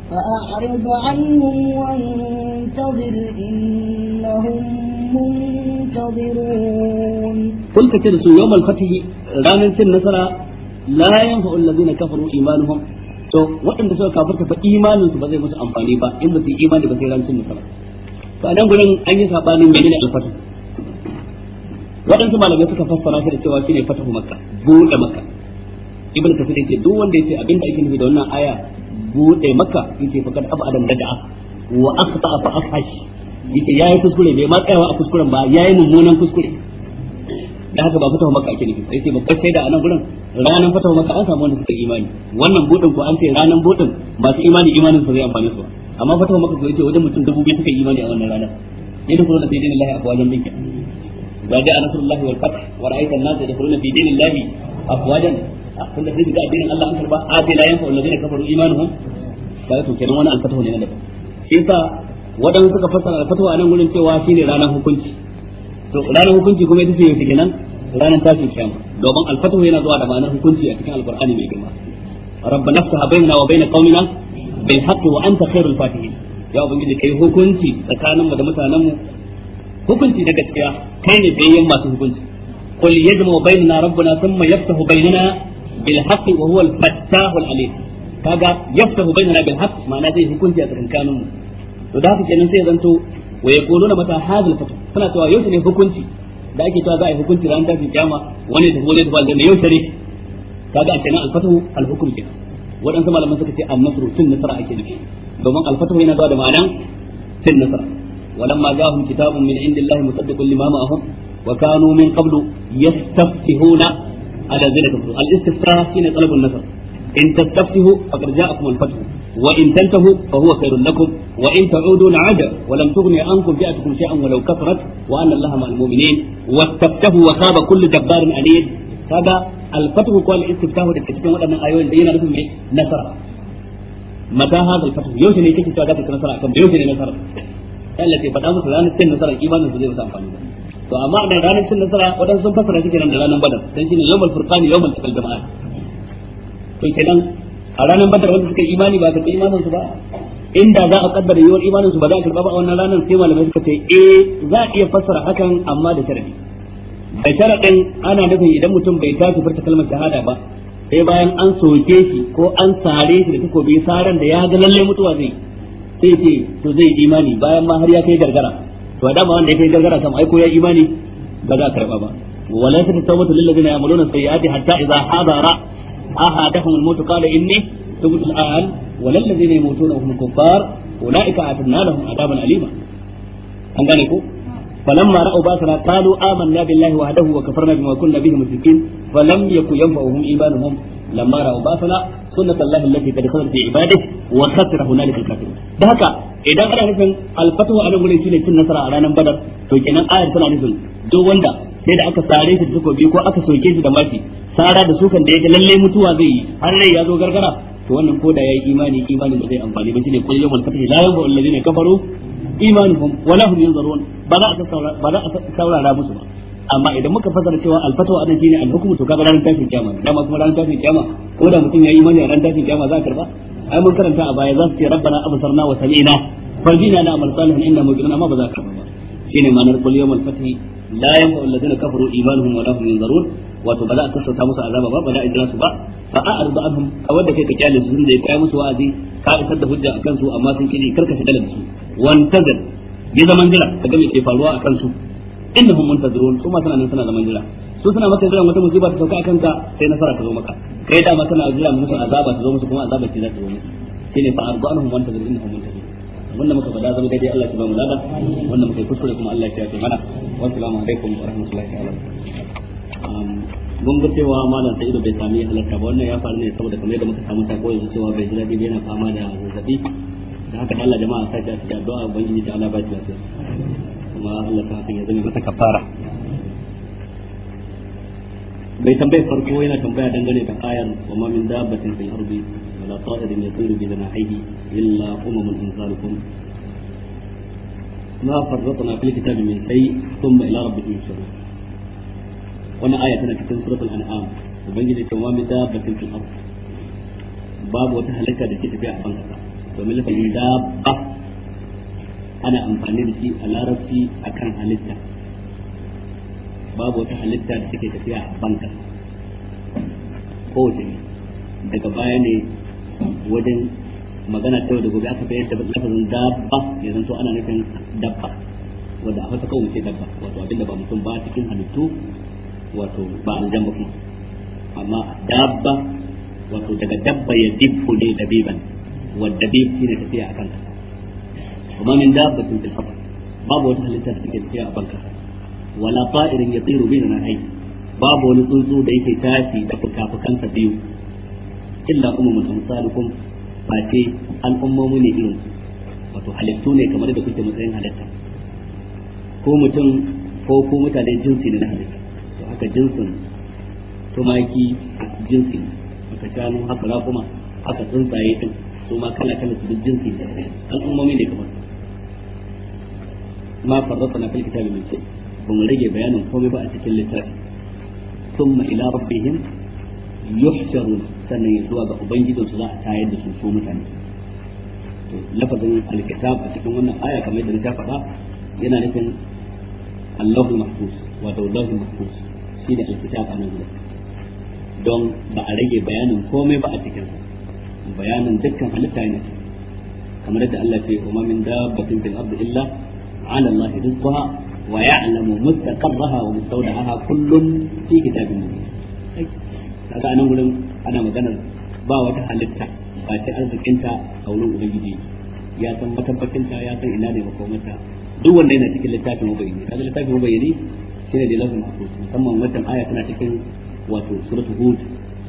فأعرض عنهم وانتظر إنهم منتظرون قل كترسوا يوم الفتح رانا سن نصر لا ينفع الذين كفروا إيمانهم to waɗanda suka kafirta fa imanin su ba zai musu amfani ba in ba su imani ba sai rancin mutum to a nan gurin an yi sabanin menene alfatu waɗansu malamai suka fassara shi da cewa shine fatahu makka buɗe makka ibnu kasir yake duk wanda yace abin da yake nufi da wannan aya buɗe makka yake faqad abadan da'a wa akhta fa akhash yake yayi kuskure bai ma tsayawa a kuskuren ba yayi mummunan kuskure dan haka ba fatawa maka ake nufi sai sai babbar shaida a nan gurin ranan fatawa maka an samu wanda suka imani wannan budin ko an ce ranan budin masu imani imanin su zai amfane su amma fatawa maka ko yace wajen mutum dubu biyu suka imani a wannan ranar ne da kullun sai dinin Allah akwalan dinka wa ja'a nasrullah wal fath wa ra'aita an-nas yadkhuluna fi dinillahi afwajan kun ah, da sai Allah an karba adila yanfa alladhina kafaru imanuhum ba to kenan wani alfatawa ne na da shi yasa wadanda suka fassara alfatawa a nan gurin cewa shine ranan hukunci to ranar hukunci kuma ita ce yau kenan ranar tashin kiyama domin alfatahu yana zuwa da ma'anar hukunci a cikin alqur'ani mai girma rabbana ftaha bainana wa bain qaumina bil haqqi wa anta khairul fatihin ya ubangiji kai hukunci tsakanin mu da mutanen mu hukunci na gaskiya kai ne bayan masu hukunci qul yajma'u bainana rabbuna thumma yaftahu bainana bil haqqi wa huwa al fattahul alim kaga yaftahu bainana bil haqqi ma'ana zai hukunci a tsakanin mu to da haka kenan sai zanto wa yaquluna mata hadhal fatu suna cewa yau ne hukunci da ake cewa za a yi hukunci ran tashin kiyama wani da wani da wani da yau ne kaga a kenan al-fatu al-hukm kenan waɗansu malaman suka ce an nasara ake nufi domin al ولما جاءهم كتاب من عند الله مصدق لما معهم وكانوا من قبل يستفتحون على ذلك الاستفتاح حين النصر in tastaftihu faqad ja'akum al-fath wa ba to amma da ranar cin nasara sun shi kenan da ranar badar dan shine furqani taqal jama'a to kenan a ranar badar wanda suka imani ba ka imanin su ba inda za a kaddara yiwuwar imanin su ba za a karba ba a wannan ranar sai malamai suka ce eh za a iya fassara hakan amma da sharadi da sharadin ana nufin idan mutum bai tashi furta kalmar shahada ba sai bayan an soke shi ko an sare shi da takobi saran da ya ga lalle mutuwa zai sai ce to zai imani bayan ma har ya kai gargara to da ma wanda ya kai gargara kam ai ko ya imani ba za a karba ba wala ta tawbatu lil ladina ya'maluna sayyi'ati hatta idza hadara أحدهم الموت قال إني تبت الآن ولا الذين يموتون وهم كفار أولئك أعتدنا لهم عذابا أليما أن قالوا فلما رأوا بأسنا قالوا آمنا بالله وحده وكفرنا بما كنا به مشركين فلم يكن ينفعهم إيمانهم لما رأوا بأسنا سنة الله التي قد خلت في عباده وخسر هنالك الكافرون ده هكا idan ana nufin alfatuwa a nan gurin shine cin nasara a ranar badar to kenan ayar tana nufin duk wanda sai da aka sare shi da takobi ko aka soke shi da mafi sara da sukan da ya ga lalle mutuwa zai yi har rai ya zo gargara to wannan koda yi imani imanin da zai amfani ba shi ne kullum yawmal fatih la yawma alladhina kafaru imanuhum wa lahum yunzarun ba za a ba za a saurara musu ba amma idan muka fasara cewa alfatwa anan shine alhukumu to kaga ranar tashin kiyama dama kuma ranar tashin kiyama ko da mutum yi imani ranar tashin kiyama za a karba ai mun karanta a baya za su ce rabbana absarna wa sami'na fa farjina na amal salihin inna mu'minuna amma ba za a karba ba shine ma'anar kullum wal fatih la yanfa'u alladhina kafaru imanuhum wa lahum yanzurun wato ba za a kasanta musu azaba ba a jira su a arda wanda muka faɗa zama daidai Allah ya ba mu lada wanda muka kuskure kuma Allah ya kiyaye mana wa assalamu alaikum wa rahmatullahi wa barakatuh mun ga cewa malam sa'idu bai sami halarta ba wannan ya faru ne saboda kamar yadda muka samu koyi yanzu cewa bai jira daɗi yana fama da zazzabi da haka Allah jama'a sake a da addu'a ubangiji ta Allah ba shi lafiya kuma Allah ta hakan ya zama masa kafara bai tambaye farko yana tambaya dangane da ayar wa ma min dabbatin fil ardi ولا طائر يطير بجناحيه إلا أمم أمثالكم ما فرطنا في الكتاب من شيء ثم إلى ربكم يحشرون wannan aya tana cikin suratul an'am ubangiji ta wami dabbatin fil ard babu wata halitta da ke tafiya a ban kasa domin lafazin dabba ana amfani da shi a larabci akan halitta babu wata halitta da take tafiya a ban kasa kowace daga baya ne wajen magana ta da gobe aka bayyana da lafazin dabba ya zanto ana nufin dabba wanda a hausa kawai ce dabba wato abinda ba mutum ba cikin halittu wato ba aljan kuma amma dabba wato daga dabba ya dibbu ne dabiban wadda bi ne tafiya a kasa kuma min dabbatin fil ardh babu wata halitta da take tafiya a banka wala ta'irin yatiru bi aiki babu wani tsuntsu da yake tashi da fuka-fukansa biyu illa umamun amsalukum ba ce al'ummomi ne irin wato halittu ne kamar da kuke matsayin halitta ko mutum ko ko mutanen jinsi ne na halitta to haka jinsin tumaki jinsi haka shanu haka rakuma haka tsuntsaye din su ma kala kala su jinsi ne al'ummomi ne kamar ma farrata na kalkita kitabi min ban rage bayanin komai ba a cikin littafi ثم إلى ربهم يحشرون sannan ya zuwa ga ubangijinsu za a tayar da su su mutane to lafazin alkitab a cikin wannan aya kamar yadda ta faɗa yana nufin Allahu Mahfuz wa dawlahu Mahfuz shi da alkitab a nan gudan don ba a rage bayanin komai ba a cikin bayanin dukkan halitta ne kamar yadda Allah ce umma min dabbatin fil ardi illa ala Allah rizqaha wa ya'lamu mustaqarraha wa mustawdaha kullun fi kitabin mubin kaga anan gurin ana maganar ba wata halitta ba ta arzikinta a wurin ubangiji ya san matabbacinta ya san ina ne makomarta duk wanda yana cikin littafin mabayyani kaga littafin shi ne da lafin mahfuz musamman wannan aya tana cikin wato suratul hud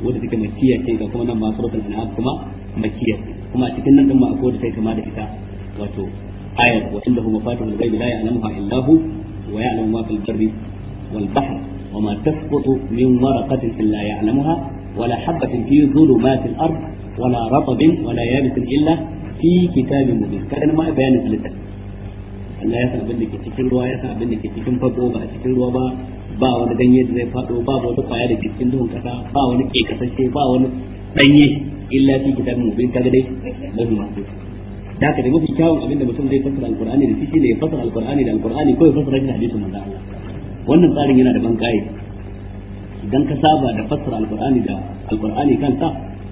wadda take makkiya ce ga kuma nan ma suratul an'am kuma makkiya kuma cikin nan din ma akwai da take kama da ita wato aya wa indahu mafatihul ghaibi la ya'lamuha illa hu wa ya'lamu ma fil barri wal bahr وما تسقط من ورقة إلا يعلمها ولا حبة في ظلمات الأرض ولا رطب ولا يابس إلا في كتاب مبين كان ما بيان الثلاثة Allah ya san abin da ke cikin ruwa ya san abin da ke cikin fako ba a cikin ruwa ba ba wani ganye da zai faɗo ba wata kwaya da ke cikin duhun kasa ba wani ke kasance ba wani danye illa fi kitabin mubin kaga dai lafi masu da ka da mafi kyawun abin da mutum zai fassara alqur'ani da shi ne ya fassara alqur'ani da alqur'ani ko ya fassara shi da hadisin manzo Allah wannan tsarin yana da ban kai dan ka saba da fassara alqur'ani da alqur'ani kansa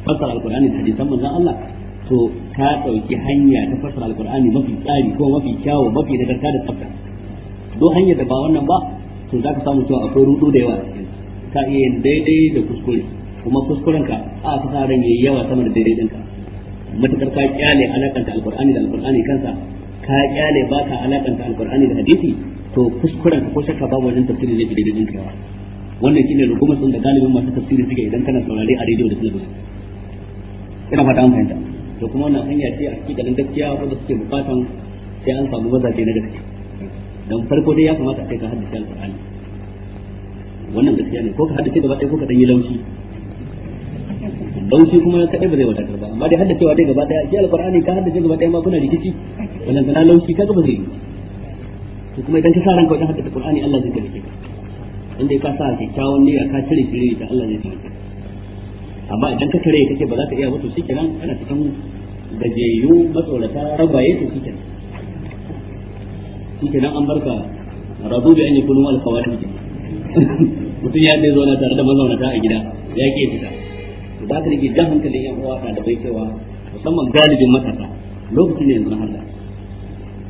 fassara alqur'ani da hadisan manzon Allah to ka dauki hanya ta fassara alqur'ani mafi tsari ko mafi kyawu mafi da da tsafta do hanyar da ba wannan ba to zaka samu cewa akwai rudu da yawa ka iya daidai da kuskure kuma kuskuren ka a ka sa ran yayi yawa sama da daidai ɗinka matakar ka kyale alakanta alqur'ani da alqur'ani kansa ka kyale ba ka alakanta alqur'ani da hadisi to kuskuren ka ko shakka babu wajen tafsiri ne da daidai ɗinka wannan shine rugumar sun da galibin masu tafsiri suke idan kana saurare a rediyo da talabijin ina fata an fahimta to kuma wannan hanya ce a cikin gaskiya wanda suke bukatan sai an samu mazaje na gaskiya don farko dai ya kamata kai ka haddace alqur'ani wannan gaskiya ne ko ka haddace gaba ɗaya ko ka dan laushi laushi kuma kadai ba zai wadatar ba amma dai haddacewa dai gaba ɗaya shi alqur'ani ka haddace gaba ɗaya ma kuna rikici wannan na laushi kaga ba zai yi to kuma idan ka sa ranka wajen haddace alqur'ani Allah zai tabbata inda ka sa kyakkyawan niyya ka cire shiriri da Allah zai sa amma idan ka tare kake ba za ka iya mutu to shikenan kana cikin gajeyu matsorata rabaye to shikenan shikenan an barka rabu bi an yakunu al fawaid mutum ya dai zauna tare da mazaunata a gida ya ke fita to da kake jan hankalin yan uwa da bai cewa musamman galibin matasa lokacin ne yanzu na Allah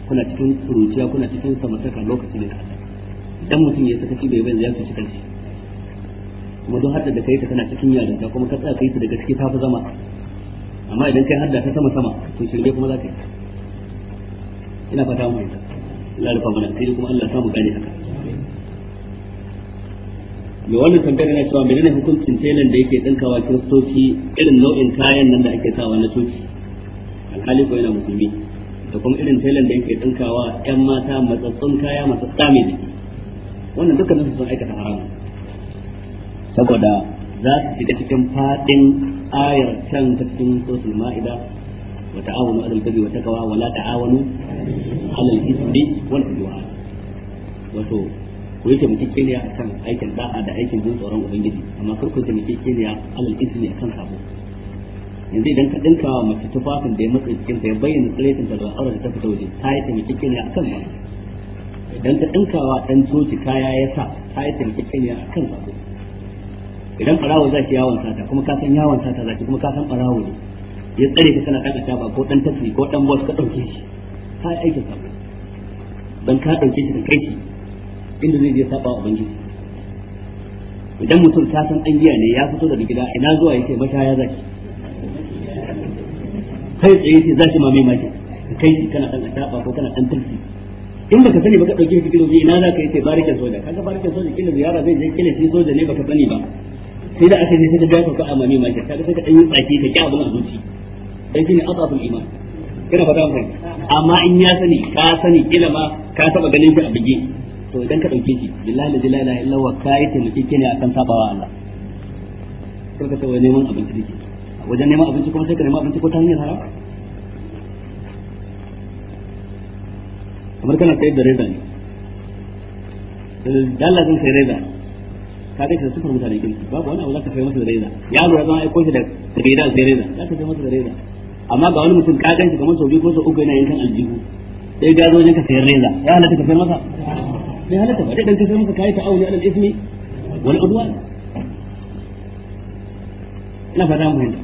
kuna cikin kuruciya kuna cikin samartaka lokacin ne na dan mutum ya sakaci bai bayan ya cuci kansa kuma don hadda da kai ta kana cikin yaron ta kuma ka tsaya kai ta da gaske ta fi zama amma idan kai hadda ta sama sama to shirme kuma za ka yi ina fata mu yanzu Allah rufa mana sai kuma Allah samu gane haka me wannan tambayar yana cewa menene hukuncin telan da yake dinkawa kiristoci irin nau'in kayan nan da ake sawa na coci alhali ko yana musulmi da kuma irin telan da yake dinkawa yan mata matsatsun kaya masu tsame jiki wannan dukkanin su sun aikata haramun saboda za su shiga cikin fadin ayar can ta cikin sosul ma'ida wa ta'awunu alal birri wa taqwa wa la ta'awunu alal ismi wal udwan wato ku yi taimakekeniya akan aikin da'a da aikin jin tsoron ubangiji amma kar ku taimakekeniya alal ismi akan sabo yanzu idan ka dinka wa mace tufafin da ya matsa cikin ta ya bayyana tsiraitin da al'aurar da ta fita waje ta yi taimakekeniya akan ba idan ka dinkawa dan coci kaya ya sa ta yi tilkikin ya kan sako idan farawo za ki yawon sata kuma ka san yawon sata za ki kuma ka san farawo ne ya tsare ka kana ɗan ataba ko ɗan tafi ko ɗan bos ka ɗauke shi ka yi aikin sako dan ka ɗauke shi da kai shi inda zai je saba ubangiji idan mutum ta san an giya ne ya fito daga gida ina zuwa yake mashaya zaki kai tsaye ce zaki ma mai maki kai shi kana ɗan ataba ko kana ɗan tafi inda ka sani baka dauki fikirin zai ina za ka yi sai barikin soja kaga barikin soja kila ziyara zai je kila shi soja ne baka sani ba sai da aka ne sai ka ga ka amani ma ka sai ka dan yi tsaki ka ki abin a zuci dan shine asatul iman kana fata mun amma in ya sani ka sani kila ma ka saba ganin shi a bige to idan ka dauke shi billahi la ilaha illa huwa kai ta mutike ne akan sabawa Allah sai ka tawaye neman abinci dake wajen neman abinci kuma sai ka neman abinci ko ta hanyar haram kamar kana sayar da reza ne dalla zan sai reza ka dace ka sufar mutane kirki babu wani abu za ka sai masa da reza yaro ya zama aiko shi da reza sai reza za ka sai masa da reza amma ga wani mutum ka gan shi kamar sau biyu ko sau uku yana yankan aljihu sai ga zo wajen ka sayar reza ya halatta ka sayar masa bai halatta ba dai dan ka sayar masa kayi ta'awuni alal ismi wal udwan ina fata mu fahimta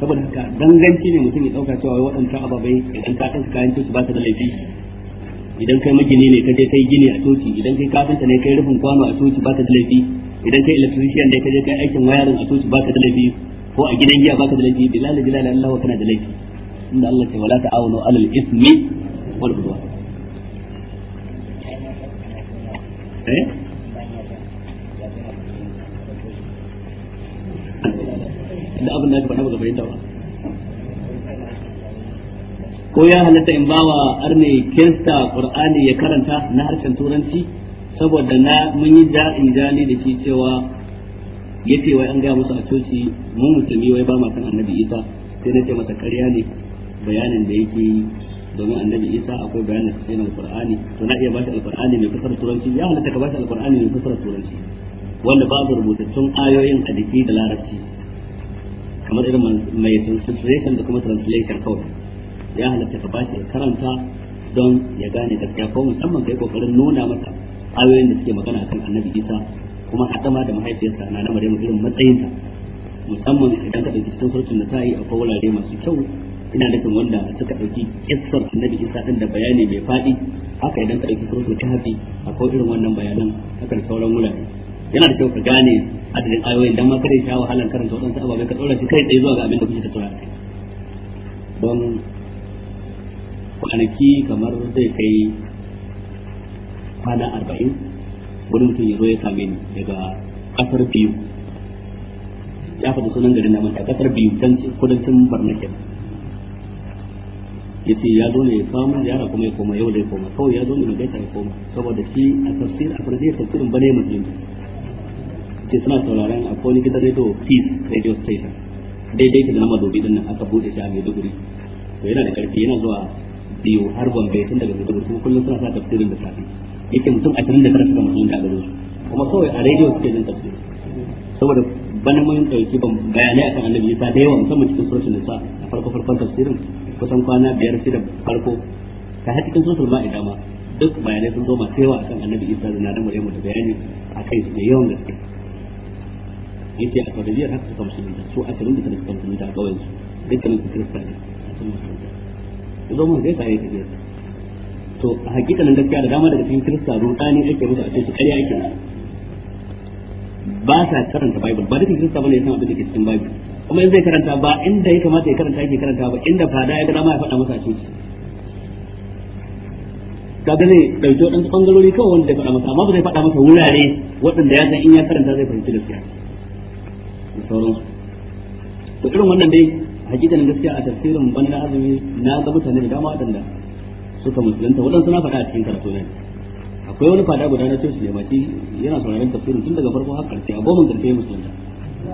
saboda haka danganci ne mutum ya dauka cewa waɗancan ababai idan ka kanka kayan coci ba ta da laifi idan kai magini ne ka je kai gini a coci idan kai kafinta ne kai rufin kwano a coci ba ta da laifi idan kai electrician ne ka je kai aikin wayarin a coci ba ta da laifi ko a gidan giya ba ka da laifi bilal bilal Allah kana da laifi inda Allah ce wala ta'awunu alal ismi wal udwan eh da abin da faɗa baka fahimta ba ko ya halatta in bawa arne kesta qur'ani ya karanta na harshen turanci saboda na mun yi da'in jani da shi cewa yace wai an ga musu a coci mu musulmi wai ba ma san annabi isa sai na ce masa karya ne bayanin da yake yi domin annabi isa akwai bayanin sai na alqur'ani to na iya bashi alqur'ani mai fasara turanci ya halatta ka bashi alqur'ani mai fasara turanci wanda babu rubutattun ayoyin a jiki da larabci kamar irin mai translation da kuma translator kawai ya halatta ka bashi karanta don ya gane gaskiya ko musamman kai kokarin nuna masa ayoyin da suke magana kan annabi isa kuma haɗama da mahaifiyarsa na na maryamu irin matsayinta musamman idan ka dauki cikin surutun da ta yi akwai wurare masu kyau ina nufin wanda suka dauki kissar annabi isa din da bayani mai faɗi haka idan ka dauki surutun ta hafi akwai irin wannan bayanan haka da sauran wurare yana da kyau ka gane adadin ayoyin dan ma kada ya sha wahalan karanta waɗansu ababai ka tsora shi kai tsaye zuwa ga abin da kuke tattauna kai don kwanaki kamar zai kai kwana arba'in wani mutum ya zo ya same ni daga kasar biyu ya faɗi sunan garin namun manta kasar biyu can kudancin barnakin ya ce ya zo ne ya samu min kuma ya koma yau da ya koma kawai ya zo ne mai gaita ya koma saboda shi a tafsir a sanadiyar tafsirin bane musulunci ce suna sauraron a koli gidan radio peace radio station daidai ta zama dobi din nan aka bude shi a maiduguri to yana da karfi yana zuwa biyu har gombe tun daga maiduguri kuma kullum suna sa tafsirin da safi yake mutum a ashirin da karfi suka mutum da garin su kuma kawai a radio suke jin tafsir saboda bana mun dauki ban bayanai akan annabi Isa da yawa musamman cikin suratul nisa a farko farkon tafsirin kusan kwana biyar sai da farko ka har cikin suratul ma'ida ma duk bayanai sun zo masu yawa akan annabi Isa da na da Maryamu da bayani akan su da yawan gaske yake a kadariya haka suka da su ashirin da suka musulunta a kauyen su dukkanin su kirista ne sun su zo mun zai sai ta to a hakikanin gaskiya da dama daga cikin kirista ne ake musu a cikin ƙarya ake musu ba sa karanta bible ba dukkan kirista bane ya san abin da ke cikin bible kuma in zai karanta ba inda ya kamata ya karanta yake karanta ba inda fada ya ga dama ya faɗa masa a cikin kaga ne ɗauki waɗansu ɓangarori kawai wanda ya faɗa masa amma ba zai faɗa masa wurare waɗanda ya san in ya karanta zai fahimci gaskiya sauransu to irin wannan dai hakikanin gaskiya a tafsirin bana na azumi na ga mutane da dama waɗanda suka musulunta waɗansu suna faɗa a cikin karatu ne akwai wani fada guda na coci ne mace yana sauraron tafsirin tun daga farko har ƙarshe a goma ƙarshe musulunta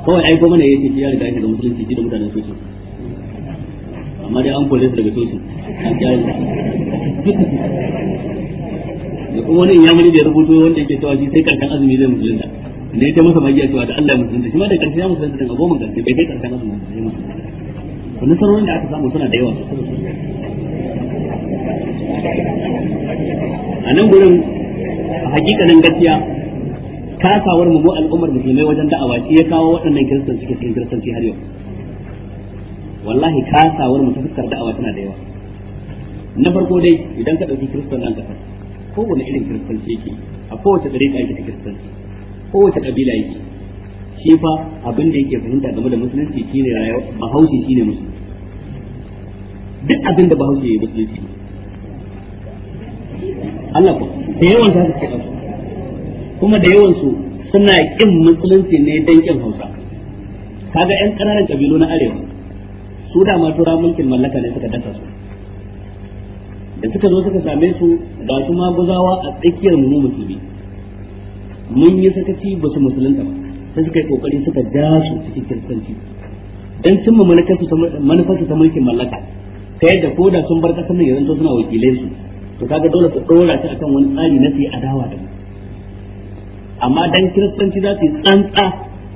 kawai aiko mana yake ya riga shi da musulunci ji da mutanen coci amma dai an kore su daga coci da kuma wani ya da ya rubuto wanda yake cewa shi sai karshen azumi zai musulunta da ya masa magiya cewa da Allah ya musulunta shi ma da karshe ya musulunta din goma karshe bai kai karshen musulunta ya musulunta to nasarorin da aka samu suna da yawa a nan gurin a hakikanin gaskiya kasawar mu al'ummar musulmai wajen da'awa shi ya kawo waɗannan kiristan suke cikin kiristanci har yau wallahi kasawar mu ta fuskar da'awa tana da yawa na farko dai idan ka ɗauki kiristan nan kasar kowane irin kiristanci yake a kowace ɗari yake ta kiristanci kowace ƙabila yake shi fa abin da yake fahimta game da musulunci shine rayuwa bahaushe shine musulunci duk abin da bahaushe ya musulunci Allah ko da yawan za su kuma da yawan su suna kin musulunci ne dan kin Hausa kaga yan ƙananan ƙabilu na arewa su da ma tura mulkin mallaka ne suka dasa su da suka zo suka same su ga su gozawa a tsakiyar mu musulmi mun yi sakaci ba su musulunta ba sai suka yi kokari suka ja su cikin kiristanci dan cimma manufarsu ta mulkin mallaka ta yadda ko da sun bar kasar nan yanzu suna wakilai su to kaga dole su dora ta akan wani tsari na sai adawa da amma dan kiristanci za su yi tsantsa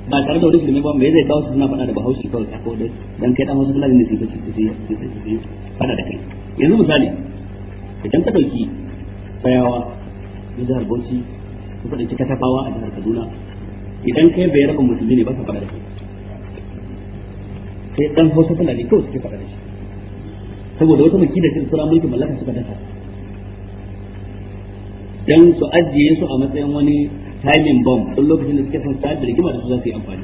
ba tare da wani shirme ba mai zai kawo su suna faɗa da bahaushe kawai ta ko dai dan kai dan wasu fulani ne su ba su yi faɗa da kai yanzu misali idan ka ɗauki tsayawa jihar bauchi suka dauki katafawa a jihar Kaduna idan kai bai rabu musulmi ne ba ka faɗa da shi sai dan Hausa ne kawai suke faɗa da shi saboda wata maki da sura mulkin mallaka suka dafa. dan su ajiye su a matsayin wani timing bomb don lokacin da suke son sa da rigima da su za su yi amfani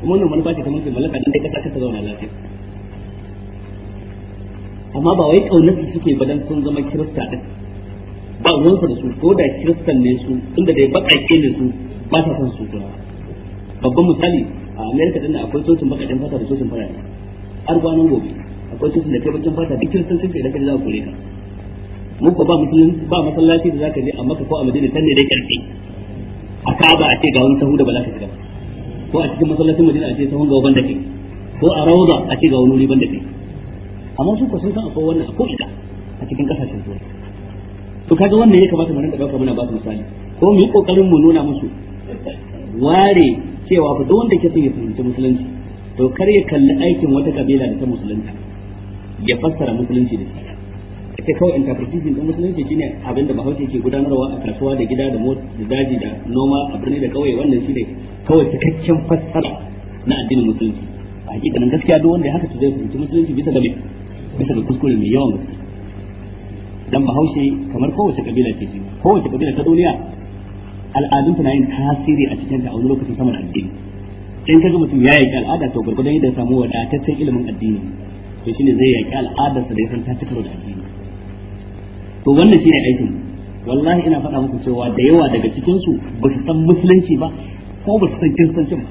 kuma wannan manufa ce ta mulkin mallaka dan dai kasa ka zauna lafiya amma ba wai kaunar su suke ba dan sun zama kirista din ruwansa da su ko da kiristan ne su tunda dai baƙaƙe ne su ba ta son su ba babban misali a amerika din akwai cocin baƙaƙen fata da cocin fara har gwanan gobe akwai cocin da kai baƙin fata duk kiristan sun ke da kai za a kore ka mun ko ba musulunci ba masallaci da zaka je a maka ko a madina tanne dai karfi a kaba a ce ga wani sahu da ba za ka shiga ko a cikin masallacin madina a ce sahun ga wani da ko a rauza a ce ga wani wuri ban da amma su ko sun san akwai wannan a ko ita a cikin kasashen turai to kaga wannan ya kamata mu rinka dauka muna ba su misali ko mu yi kokarin mu nuna musu ware cewa fa duk wanda ke son ya fahimci musulunci to kar ya kalli aikin wata kabila da ta musulunta ya fassara musulunci da shi ake kawai interpretation din musulunci shine abin da bahaushe ke gudanarwa a kasuwa da gida da mota da daji da noma a birni da kauye wannan shine kawai cikakken fassara na addinin musulunci a hakikanin gaskiya duk wanda ya haka zai fahimci musulunci bisa ga bisa ga kuskure mai yawan gaske dan bahaushe kamar kowace kabila ce kowace kabila ta duniya al'adun tana yin tasiri a cikin ta a wani lokaci sama da addini in kaga mutum ya yaki al'ada to gurgurdan yadda samu wadataccen ilimin addini to shine zai yaki al'adarsa da ya san ta cikin da addini to wannan shine aikin wallahi ina faɗa muku cewa da yawa daga cikin su ba su san musulunci ba ko ba su san kiristanci ba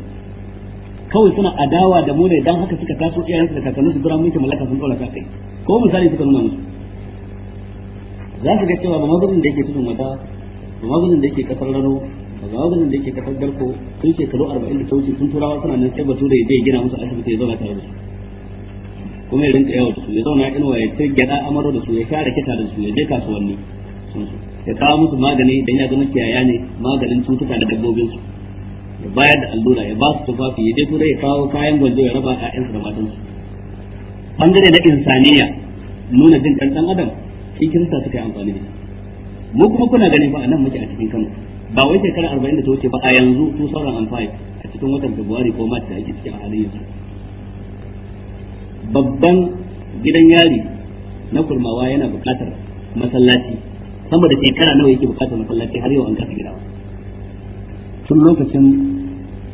kawai suna adawa da mu ne dan haka suka taso su da kakanninsu dura ke mallaka sun dora kai ko misali suka nuna musu za ka ga cewa ba magudin da yake tudun wata ba magudin da yake kasar rano ba magudin da yake kasar garko sun shekaru arba'in da ta wuce sun turawa suna nan sai batu da zai gina musu asibiti ya zauna tare da su kuma ya rinka yawa da su ya zauna inuwa ya ta gyada amaro da su ya share kita da su ya je kasuwanni ya kawo musu magani dan ya zama kiyaya ne maganin cutuka da dabbobin su ya bayar da allura ya ba su tufafi ya je turai ya kawo kayan gwanzo ya raba ƴaƴansu da matansu bangare na insaniya nuna jin kan dan adam shi kirista suka yi amfani da mu kuma kuna gani ba anan muke a cikin Kano ba wai shekara 40 da ta wuce ba a yanzu su sauran amfani a cikin watan februari ko March da ake cikin a halin yanzu babban gidan yari na kurmawa yana buƙatar masallaci sama da shekara nawa yake buƙatar masallaci har yau an kasa gida tun lokacin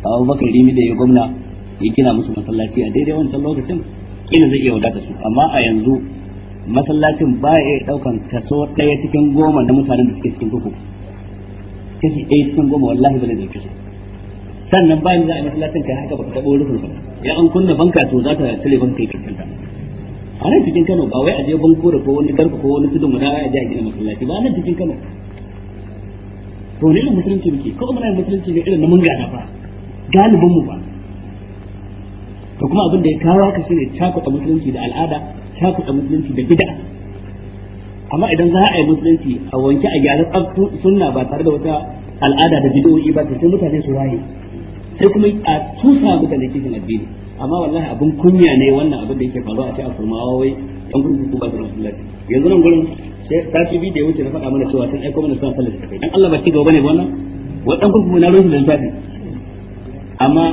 Abubakar Rimi da ya gwamna ya gina musu masallaci a daidai wancan lokacin kila zai iya wadata su amma a yanzu masallacin ba ya iya daukan kaso daya cikin goma na mutanen da suke cikin kurkuku kashi daya cikin goma wallahi ba zai dauke su sannan bayan za a masallacin kai haka baka taɓo rufin sa ya an kunna banka to za ta cire banka ya ta a nan cikin Kano ba wai a je banko da ko wani garka ko wani tudun muna a je a gina masallaci ba a nan cikin Kano to ne irin musulunci muke ko kuma yi musulunci ne irin na mun gana ba galibinmu mu ba to kuma abin da ya kawo haka shine cakuɗa musulunci da al'ada shafuka musulunci da bid'a amma idan za a yi musulunci a wanke a gyara tsabtu sunna ba tare da wata al'ada da bid'o'i ba sai mutane su waye sai kuma a tusa mutane kishin addini amma wallahi abun kunya ne wannan abin da yake faruwa a cikin al'umma wai dan gudu ku ba da musulunci yanzu nan gurin sai ta ci bi da ya wuce na faɗa mana cewa sun aika mana sunan sallar da kai Allah ba ci gaba ne ba wannan wa dan gurin na ruhi da tafi amma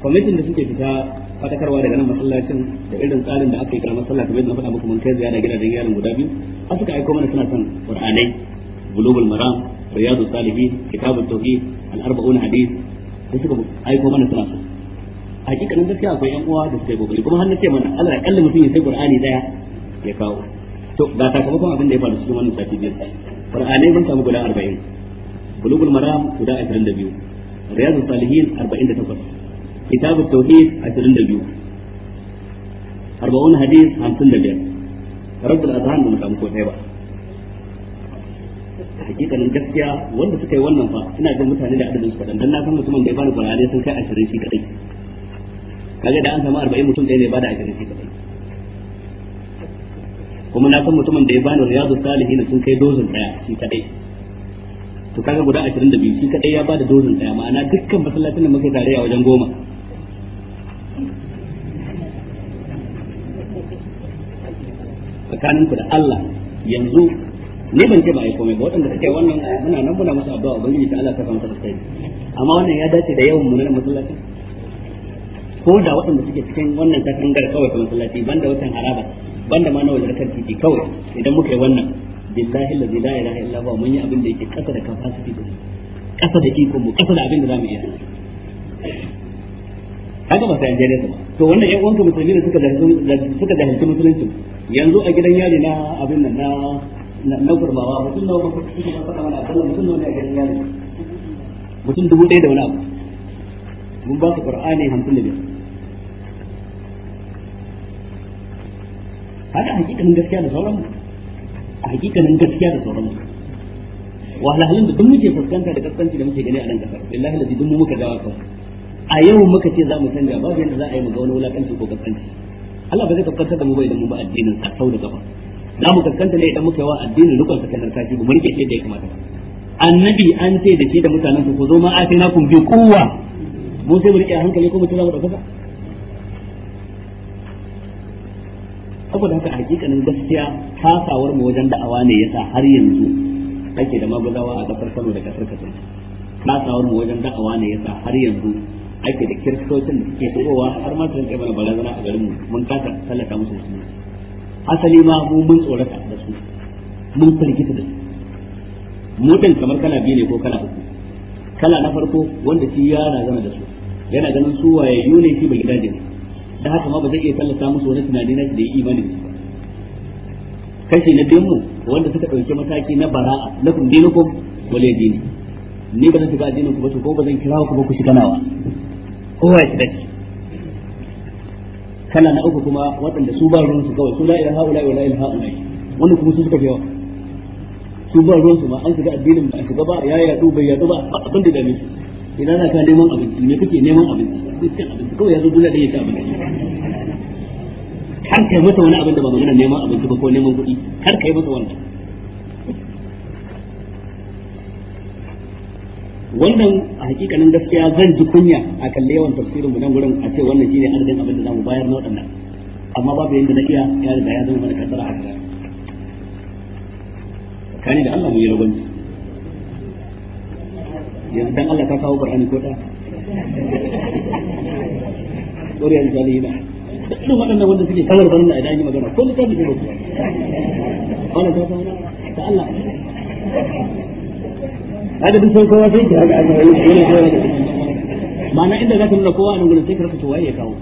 kwamitin da suke fita fatakarwa daga nan masallacin da irin tsarin da aka yi karamar sallah kamar yadda na faɗa muku mun kai ziyara gidajen yaron guda biyu a suka aiko mana suna son qur'anai bulugul maram riyadu salihin kitabut tauhid al arba'un hadith da suka aiko mana suna son hakikanin gaskiya akwai yan uwa da suka yi kokari kuma har na ce mana Allah ya kalla mutum ya sai qur'ani daya ya kawo to ga sakamakon abin da ya faru cikin wannan sati biyar qur'anai mun samu guda 40 bulugul maram guda 22 riyadu salihin 48 كتاب التوحيد عشرين 22 أربعون hadith خمسين rabb al-adhan من samu ko حقيقة من a ولا gaskiya wanda suka yi wannan fa ina ga mutane da adadin su kadan dan na mutumin da ya bani kwarare sun kai 20 shi kadai kaga da an ba shi kuma na san mutumin da ya bani riyadu salihin sun kai dozin daya shi kadai to kaga guda 22 shi kadai ya bada dozin daya ma'ana dukkan masallacin da muke tare a wajen goma tsakaninku da Allah yanzu ne ban ce ba ai komai ba waɗanda suke wannan muna nan muna musu addu'a ubangiji ta Allah ta kamata ta sai amma wannan ya dace da yawan mu na masallaci ko da waɗanda suke cikin wannan katangar kawai ta masallaci banda wutan haraba banda ma na wajen kan titi kawai idan muka yi wannan billahi la ilaha illa huwa mun yi abin da yake kasa da capacity da kasa da iko mu kasa da abin da zamu iya haka ba sai an je nesa to wannan yan uwanka musulmi ne suka suka jahilci musulunci yanzu a gidan yari na abin nan na na gurbawa mutum nawa ba suka ba faɗa mana Allah mutum nawa ne a gidan yari mutum dubu ɗaya da wani abu mun ba su qur'ani hamsin da biyar hakika hakikanin gaskiya da sauran a hakikanin gaskiya da sauran wahalhalun da duk muke fuskanta da kasance da muke gani a nan kasar billahi da duk mu muka dawo kansu a yau muka ce za mu canja babu yadda za a yi mu ga wani wulakanci ko kaskanci Allah ba zai kaskanta da mu ba idan mu ba addinin a sau da gaba za mu kaskanta ne idan muka yi wa addinin rukun sa kan kashi mu rike shi da ya kamata annabi an ce da shi da mutanen ku zo ma na kun bi kowa mu sai mu rike hankali ko mu tana mu dauka saboda haka hakikanin gaskiya kasawar mu wajen da'awa ne yasa har yanzu ake da magudawa a kasar Kano da kasar Katsina kasawar mu wajen da'awa ne yasa har yanzu ake da kiristocin da suke shigowa har ma sun kai mana barazana a garin mu mun kasa sallata musu su asali ma mu mun tsorata da su mun firgita da su mu din kamar kana biyu ne ko kana uku kala na farko wanda shi yana zama da su yana ganin su waye yune shi bai gidaje da haka ma ba zai iya sallata musu wani tunani na da yi imani da su ba kashi na biyu wanda suka ɗauki mataki na bara'a lakum wale waliyadini ni ba zan shiga addinin ku ba ko ba zan kira ku ba ku shiga nawa kowa ya shiga kana na uku kuma waɗanda su ba ruwan su kawai su la ilaha illa wa la ilaha illa Wannan kuma su suka fi yawa su ba ruwan su ma an shiga addinin ba an shiga ba ya yaɗu bai yaɗu ba abin da dame idan na ka neman abinci me kuke neman abinci dukkan abinci kawai ya zo duniya dai ya ci abinci kar kai masa wani abin da ba magana neman abinci ba ko neman kuɗi kar kai masa wannan wannan a hakikanin gaskiya zan ji kunya a kalle yawan tafsirin mu nan gurin a ce wannan shine adadin abin da zamu bayar na waɗannan amma babu yanda na iya ya riga ya zama mana kasara a gaba kani da Allah mu yi rabanci yanzu dan Allah ka kawo Qur'ani ko da Ƙoriyar Jalila da irin waɗannan wanda suke kamar barin da idan yi magana ko ta littafi ne ba ta Allah haka duk san kowa sai ki haka aka yi yana kowa da ma'ana inda za ka nuna kowa a nan gurin sai ka rasa waye ya kawo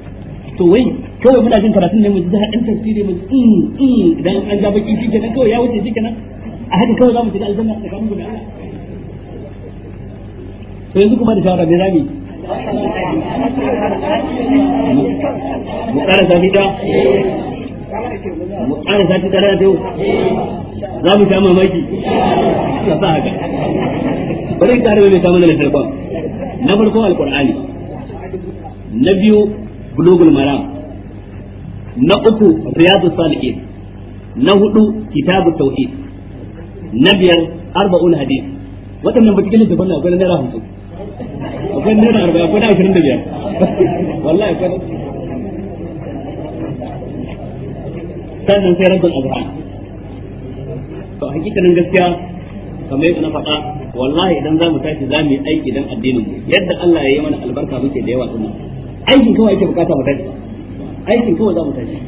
to wai kawai muna jin karatun ne mu ji daɗin tafsiri mu ji idan an ja baki shi kenan kawai ya wuce shi kenan a haka kawai za mu shiga aljanna tsakanin da to yanzu kuma da shawara me zamu mu ƙara zabi ta. mu ƙara sati tare da yau za mu sha mamaki na sa haka bari ka rubuta mai samun da tarkon na farko alƙur'ani na biyu bulugul maram na uku riyadu salihin na hudu kitabut tauhid na biyar arba'un hadith waɗannan ba cikin littafin akwai na naira hamsin akwai naira da akwai na ashirin da biyar wallahi akwai sannan sai rabbul azhar to hakikanin gaskiya kamar yadda na faɗa wallahi idan za mu tashi za mu yi aiki dan addinin mu yadda Allah ya yi mana albarka muke da yawa din aikin kawai ake bukata mu tashi aikin kawai za mu tashi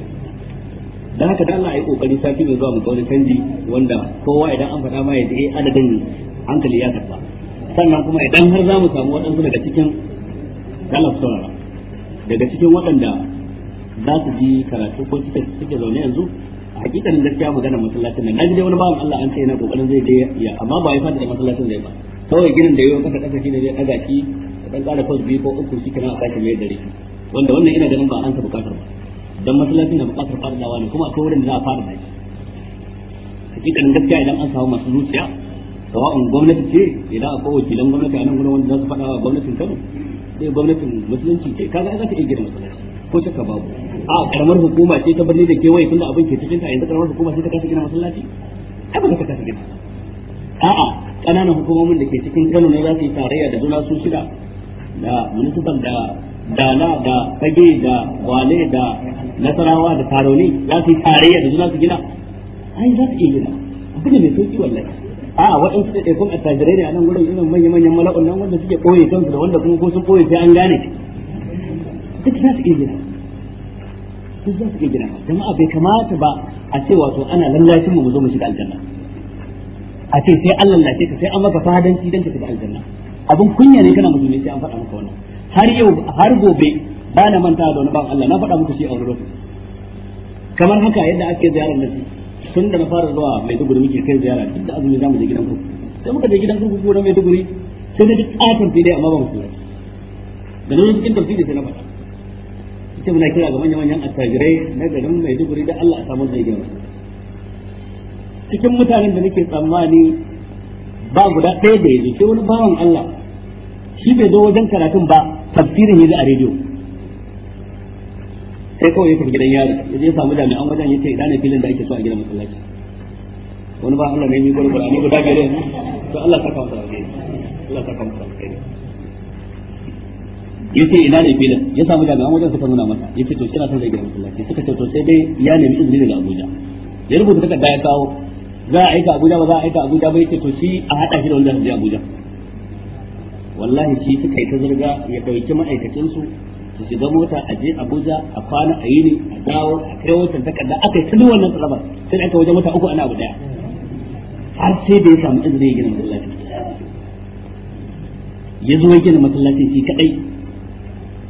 da haka da Allah ya yi kokari sati mai zuwa mu kauri canji wanda kowa idan an faɗa ma ya ji eh, adadin hankali ya tafi sannan kuma idan har za mu samu waɗansu daga cikin galaf sonara daga cikin waɗanda za su ji karatu ko suke suke zaune yanzu a hakikanin gaskiya magana masallacin nan naji dai wani bawan Allah an ce yana kokarin zai je ya amma ba ya fada da masallacin zai ba kawai ginin da yau kasa kasa shine zai daga shi dan kara kwas biyu ko uku shi kana a sake mai dare wanda wannan ina ganin ba an ka bukatar ba dan masallacin na bukatar fadawa ne kuma akwai wurin da za a fara da shi hakikanin gaskiya idan an samu masu zuciya sawa'un gwamnati ce idan akwai wakilan gwamnati a nan gudun wanda za su faɗa wa gwamnatin Kano sai gwamnatin musulunci ce kaga za ta iya gina masallaci ko shakka babu a karamar hukuma ce ta birni da kewaye tunda abin ke cikin ta yanzu karamar hukuma ce ta kasa gina masallaci ai baka ta kasa gina a'a kananan hukumomin da ke cikin Kano ne za su yi tarayya da juna su shida da munisipal da dala da fage da wale da nasarawa da taroni za su yi tarayya da juna su gina ai za su iya gina abin da mai sauki wallahi a waɗansu da ɗaikun attajirai ne a nan wurin irin manya-manyan mala'un nan wanda suke ɓoye kansu da wanda kuma ko sun ɓoye sai an gane duk za su iya duk za su iya gina jama'a bai kamata ba a ce wato ana lallashin mu mu zo mu shiga aljanna a ce sai an lallace ka sai an maka fadanci dan ka shiga aljanna abin kunya ne kana musulmi sai an faɗa maka wannan har yau har gobe ba na manta da wani bawan Allah na faɗa muku shi a wani lokaci kamar haka yadda ake ziyarar nasi tun da na fara zuwa Maiduguri muke kai ziyara duk da azumi zamu je gidan kurkuku sai muka je gidan kurkuku na Maiduguri sai da duk ƙaton fili amma ba mu tura da nan cikin tafsiri sai na faɗa sai muna kira ga manya-manyan attajirai na garin mai duburi da Allah a samun zai cikin mutanen da nake tsammani ba guda ɗaya da yanzu sai wani bawan Allah shi bai zo wajen karatun ba tafsirin yanzu a rediyo sai kawai ya gidan yari ya je samu jami'an wajen ya ce idan filin da ake so a gidan masallaci wani ba Allah yi mai a ne guda biyar to Allah saka masa alheri Allah saka masa alheri ya ce ina ne filin ya samu daga an wajen suka nuna masa ya ce to kina son zai gina masallaci suka ce to sai dai ya nemi izini daga Abuja ya rubuta takarda ya kawo za a aika Abuja ba za a aika Abuja ba ya ce to shi a haɗa shi da wanda zai je Abuja wallahi shi suka yi ta zirga ya ɗauki ma'aikacin su su shiga mota a je Abuja a kwana a yi ne a dawo a kai wancan takarda aka yi tudu wannan tsalabar sai aka wajen mota uku ana abu ɗaya. har sai da ya samu izini ya gina masallaci ya zo ya gina masallacin shi kadai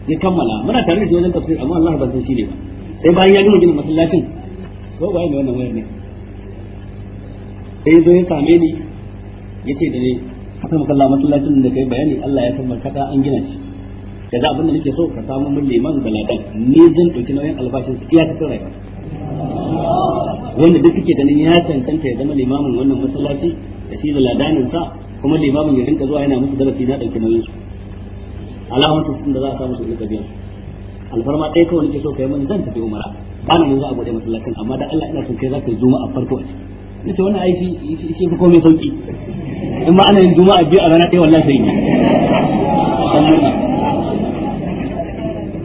ya kammala muna tare da shi wajen tafsir amma Allah ba zai shi ne ba sai bayan ya gama gina masallacin ko ba yana wannan wayar ne sai zo ya same ni yace da ni aka kalla masallacin da kai bayani Allah ya tabbata an gina shi kaza abin da nake so ka samu mun liman da ni zan dauki nauyin albashin su iya kasar rayuwa wanda duk kike ganin ya cancanta ya zama limamin wannan masallaci da shi da ladanin sa kuma limamin ya rinka zuwa yana musu darasi na dauki nauyin su alamun tun da za a samu su ka biyan alfarma ɗaya kawai nake so kai mun zan tafi umara ba na za a bude masallacin amma da Allah ina son kai za ka zuma a farko a ciki nace wannan aiki shi fi komai sauki in ma ana yin a biyu a rana ɗaya wallahi sai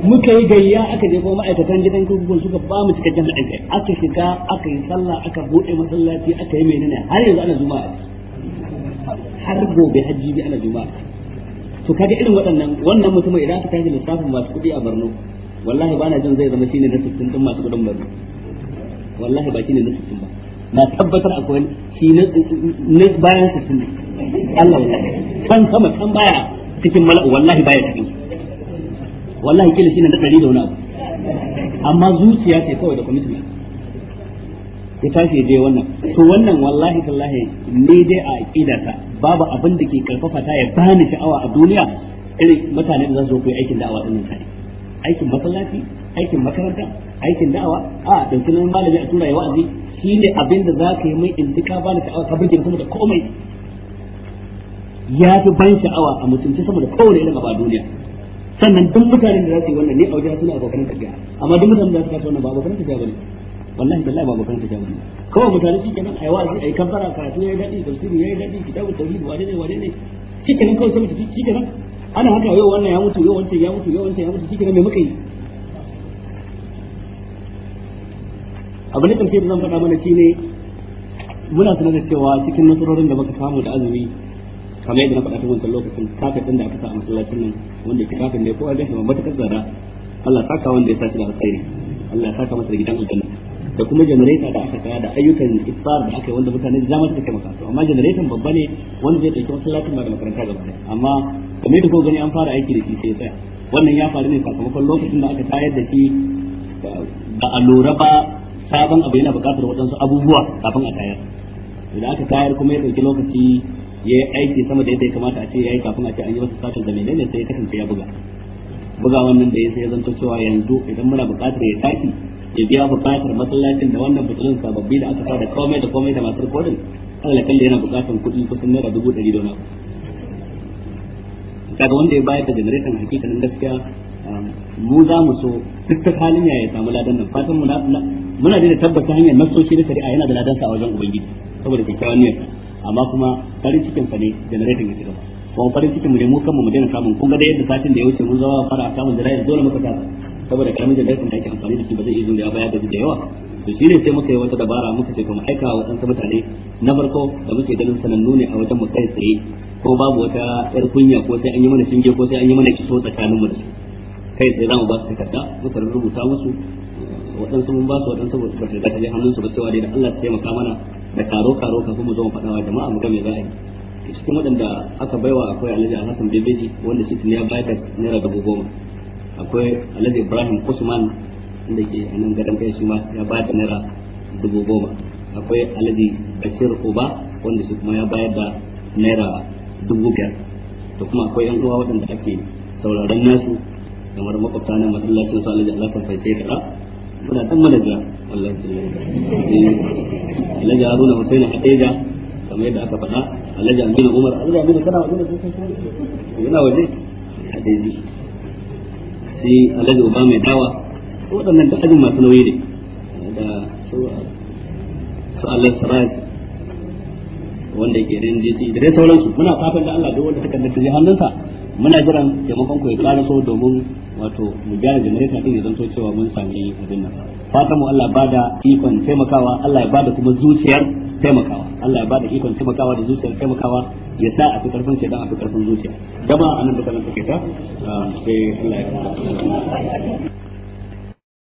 muka yi gayya aka je kuma ma'aikatan gidan kurkukun suka ba mu cikakken haɗin kai aka shiga aka yi sallah aka buɗe masallaci aka yi menene har yanzu ana zuma a juma'a har gobe hajji bi ana juma'a to kaga irin waɗannan wannan mutumin idan aka tashi lissafin masu kuɗi a barno wallahi bana jin zai zama shine na 60 din masu kuɗin barno wallahi ba shine na 60 ba na tabbatar akwai shi na bayan 60 Allah wallahi kan sama kan baya cikin mala'u wallahi baya cikin wallahi kila shine na ɗari da wani abu amma zuciya ce kawai da kwamitin ya tashi dai wannan to wannan wallahi tallahi ni dai a aqidata babu abin da ke karfafa ta ya bani sha'awa a duniya irin mutane da za su zo koyi aikin da'awa din tare aikin masallaci aikin makaranta aikin da'awa a dauki nan malami a tura ya wa'azi shine abin da za ka yi mai indika bani sha'awa ka burge sama da komai ya fi ban sha'awa a mutunci sama da kowane irin abu a duniya sannan duk mutanen da za su yi wannan ne a wajen suna abokan tafiya amma duk mutanen da za su kasa wannan ba abokan tafiya ba ne wallahi billahi ba makaranta ta wani kawai mutane shi kenan ai wa'azi ai kafara karatu yayi dadi tafsiri yayi dadi kitabu tauhid wane ne wane ne shi kenan kawai sai mutum shi kenan ana haka yau wannan ya mutu yau wancan ya mutu yau wancan ya mutu shi kenan me muka yi abu na kamfe da zan faɗa mana shine muna sanar da cewa cikin nasarorin da muka samu da azumi kamar yadda na faɗa ta wancan lokacin kafin da aka sa a masallacin nan wanda ke kafin ne ko a gashi matuƙar zara Allah saka wanda ya sa shi da alkhairi Allah ya saka masa da gidan aljanna da kuma generator da aka kawo da ayyukan iftar da aka yi wanda mutane da dama suka kai to amma generator babba ne wanda zai ɗauki wasu ba da makaranta gaba ɗaya amma kamar da ko gani an fara aiki da shi sai tsaya wannan ya faru ne sakamakon lokacin da aka tayar da shi eh, ba a lura ba sabon abu yana buƙatar waɗansu abubuwa kafin a tayar idan aka tayar kuma ya ɗauki lokaci ya yi aiki sama da yadda ya kamata a ce ya yi kafin a ce an yi wasu satar da menene sai ya kasance ya buga buga wannan da ya sai zanto cewa yanzu idan muna buƙatar ya tashi ya biya bukatar masallacin da wannan butulun sababbi da aka sa da komai da komai da masu rikodin Allah yana bukatar kuɗi kusan naira dubu ɗari da wani kaga wanda ya bayar da janareton hakikanin gaskiya um, mu za mu so duk ta halin ya ya samu ladan nan fatan mu muna da tabbata hanyar nasoshi da shari'a yana da ladan sa a wajen ubangiji saboda kyakkyawan niyyar amma kuma farin cikin sa ne ya ya shiga ba farin cikin mu ne mu kanmu mu daina samun kun ga da yadda satin da ya wuce mun zama fara samun jira'in dole muka kasa saboda karamin jira'in da ake amfani da shi ba zai iya ya ba ya gaji da yawa to shi ne sai muka yi wata dabara muka ce kuma aika wa waɗansu mutane na farko da muke ganin sanannu ne a wajen mu kai tsaye ko babu wata yar kunya ko sai an yi mana shinge ko sai an yi mana kiso tsakanin mu da su kai tsaye za mu ba su takarda muka rubuta musu waɗansu mun ba su waɗansu ba su ba su da hannunsu ba cewa dai da Allah ya taimaka mana da karo karo kafin mu zo mu faɗa wa jama'a mu ga me za a yi cikin waɗanda aka baiwa akwai alhaji alhassan bebeji wanda shi ne ya bayar da naira dubu goma akwai alhaji ibrahim usman da ke a nan gadon kai shi ma ya bayar da naira dubu goma akwai alhaji bashir uba wanda shi kuma ya bayar da naira dubu biyar da kuma akwai yan uwa waɗanda ake sauraron nasu kamar makwabta na masallacin su alhaji alhassan faisai kaɗa muna kan manaja wallahi eh, alhaji haruna hussein hadeja kamar yadda aka faɗa alhaji amina umar alhaji amina kana amina sai sai yana waje a daidai sai alhaji ba mai dawa waɗannan da ajin masu nauyi ne da su allah saraj wanda yake rin jisi da dai sauransu muna fatan da allah duk wanda suka da je hannunsa muna jiran taimakon ku ya ƙara so domin wato mu gyara generator din ya zanto cewa mun sami abin nan fatan mu Allah bada ikon taimakawa Allah ya bada kuma zuciyar taimakawa Allah ya bada ikon taimakawa da zuciyar taimakawa ya sa a fi karfin da a fi karfin zuciya dama anan da kana take ta ah, sai Allah ya